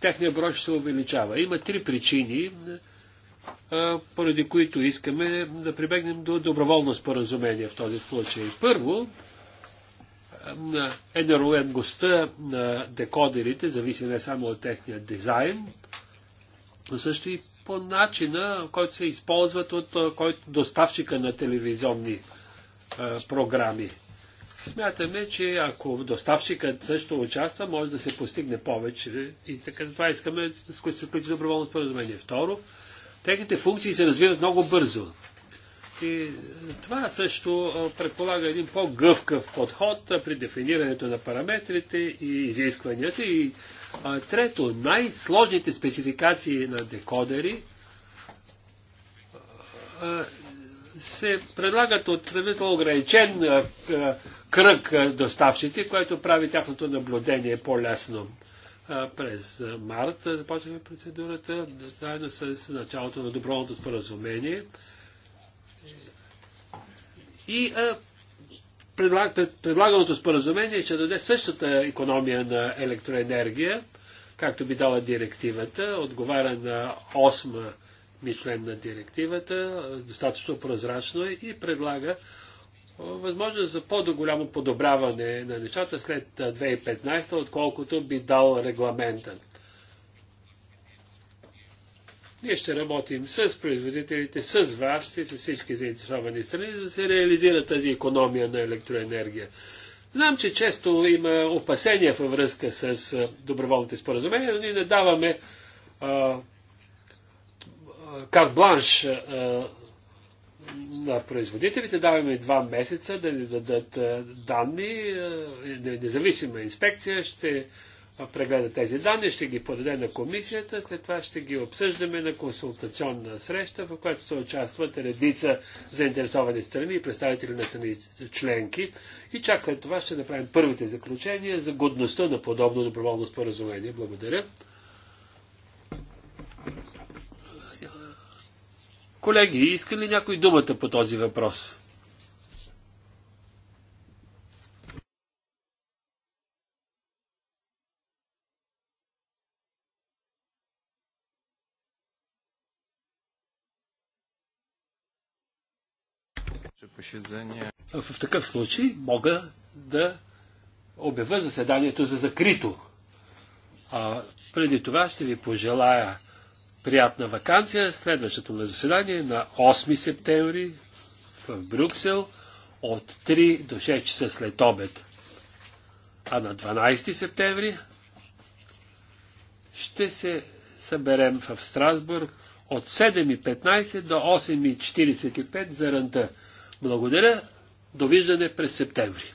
техния брой ще се увеличава. Има три причини поради които искаме да прибегнем до доброволно споразумение в този случай. Първо, е енеруемостта на декодерите зависи не само от техния дизайн, но също и по начина, който се използват от който доставчика на телевизионни програми. Смятаме, че ако доставчикът също участва, може да се постигне повече. И така това искаме да се включи доброволно споразумение. Второ, Техните функции се развиват много бързо. И това също предполага един по-гъвкав подход при дефинирането на параметрите и изискванията. И а, трето, най-сложните спецификации на декодери а, се предлагат от сравнително ограничен а, кръг доставчици, което прави тяхното наблюдение по-лесно. През март започнахме процедурата, заедно с началото на доброто споразумение. И предлаганото споразумение ще даде същата економия на електроенергия, както би дала директивата, отговаря на 8 ми член на директивата, достатъчно прозрачно е и предлага възможност за по-голямо подобраване на нещата след 2015, отколкото би дал регламентът. Ние ще работим с производителите, с вас и с всички заинтересовани страни, за да се реализира тази економия на електроенергия. Знам, че често има опасения във връзка с доброволните споразумения, но ние не даваме а, карт бланш а, на производителите даваме два месеца да ни дадат е, данни, е, независима инспекция ще е, прегледа тези данни, ще ги подаде на комисията, след това ще ги обсъждаме на консултационна среща, в която се участват редица заинтересовани страни и представители на страни членки. И чак след това ще направим първите заключения за годността на подобно доброволно споразумение. Благодаря. Колеги, иска ли някой думата по този въпрос? В такъв случай мога да обявя заседанието за закрито. А преди това ще ви пожелая приятна вакансия. Следващото на заседание е на 8 септември в Брюксел от 3 до 6 часа след обед. А на 12 септември ще се съберем в Страсбург от 7.15 до 8.45 за ранта. Благодаря. Довиждане през септември.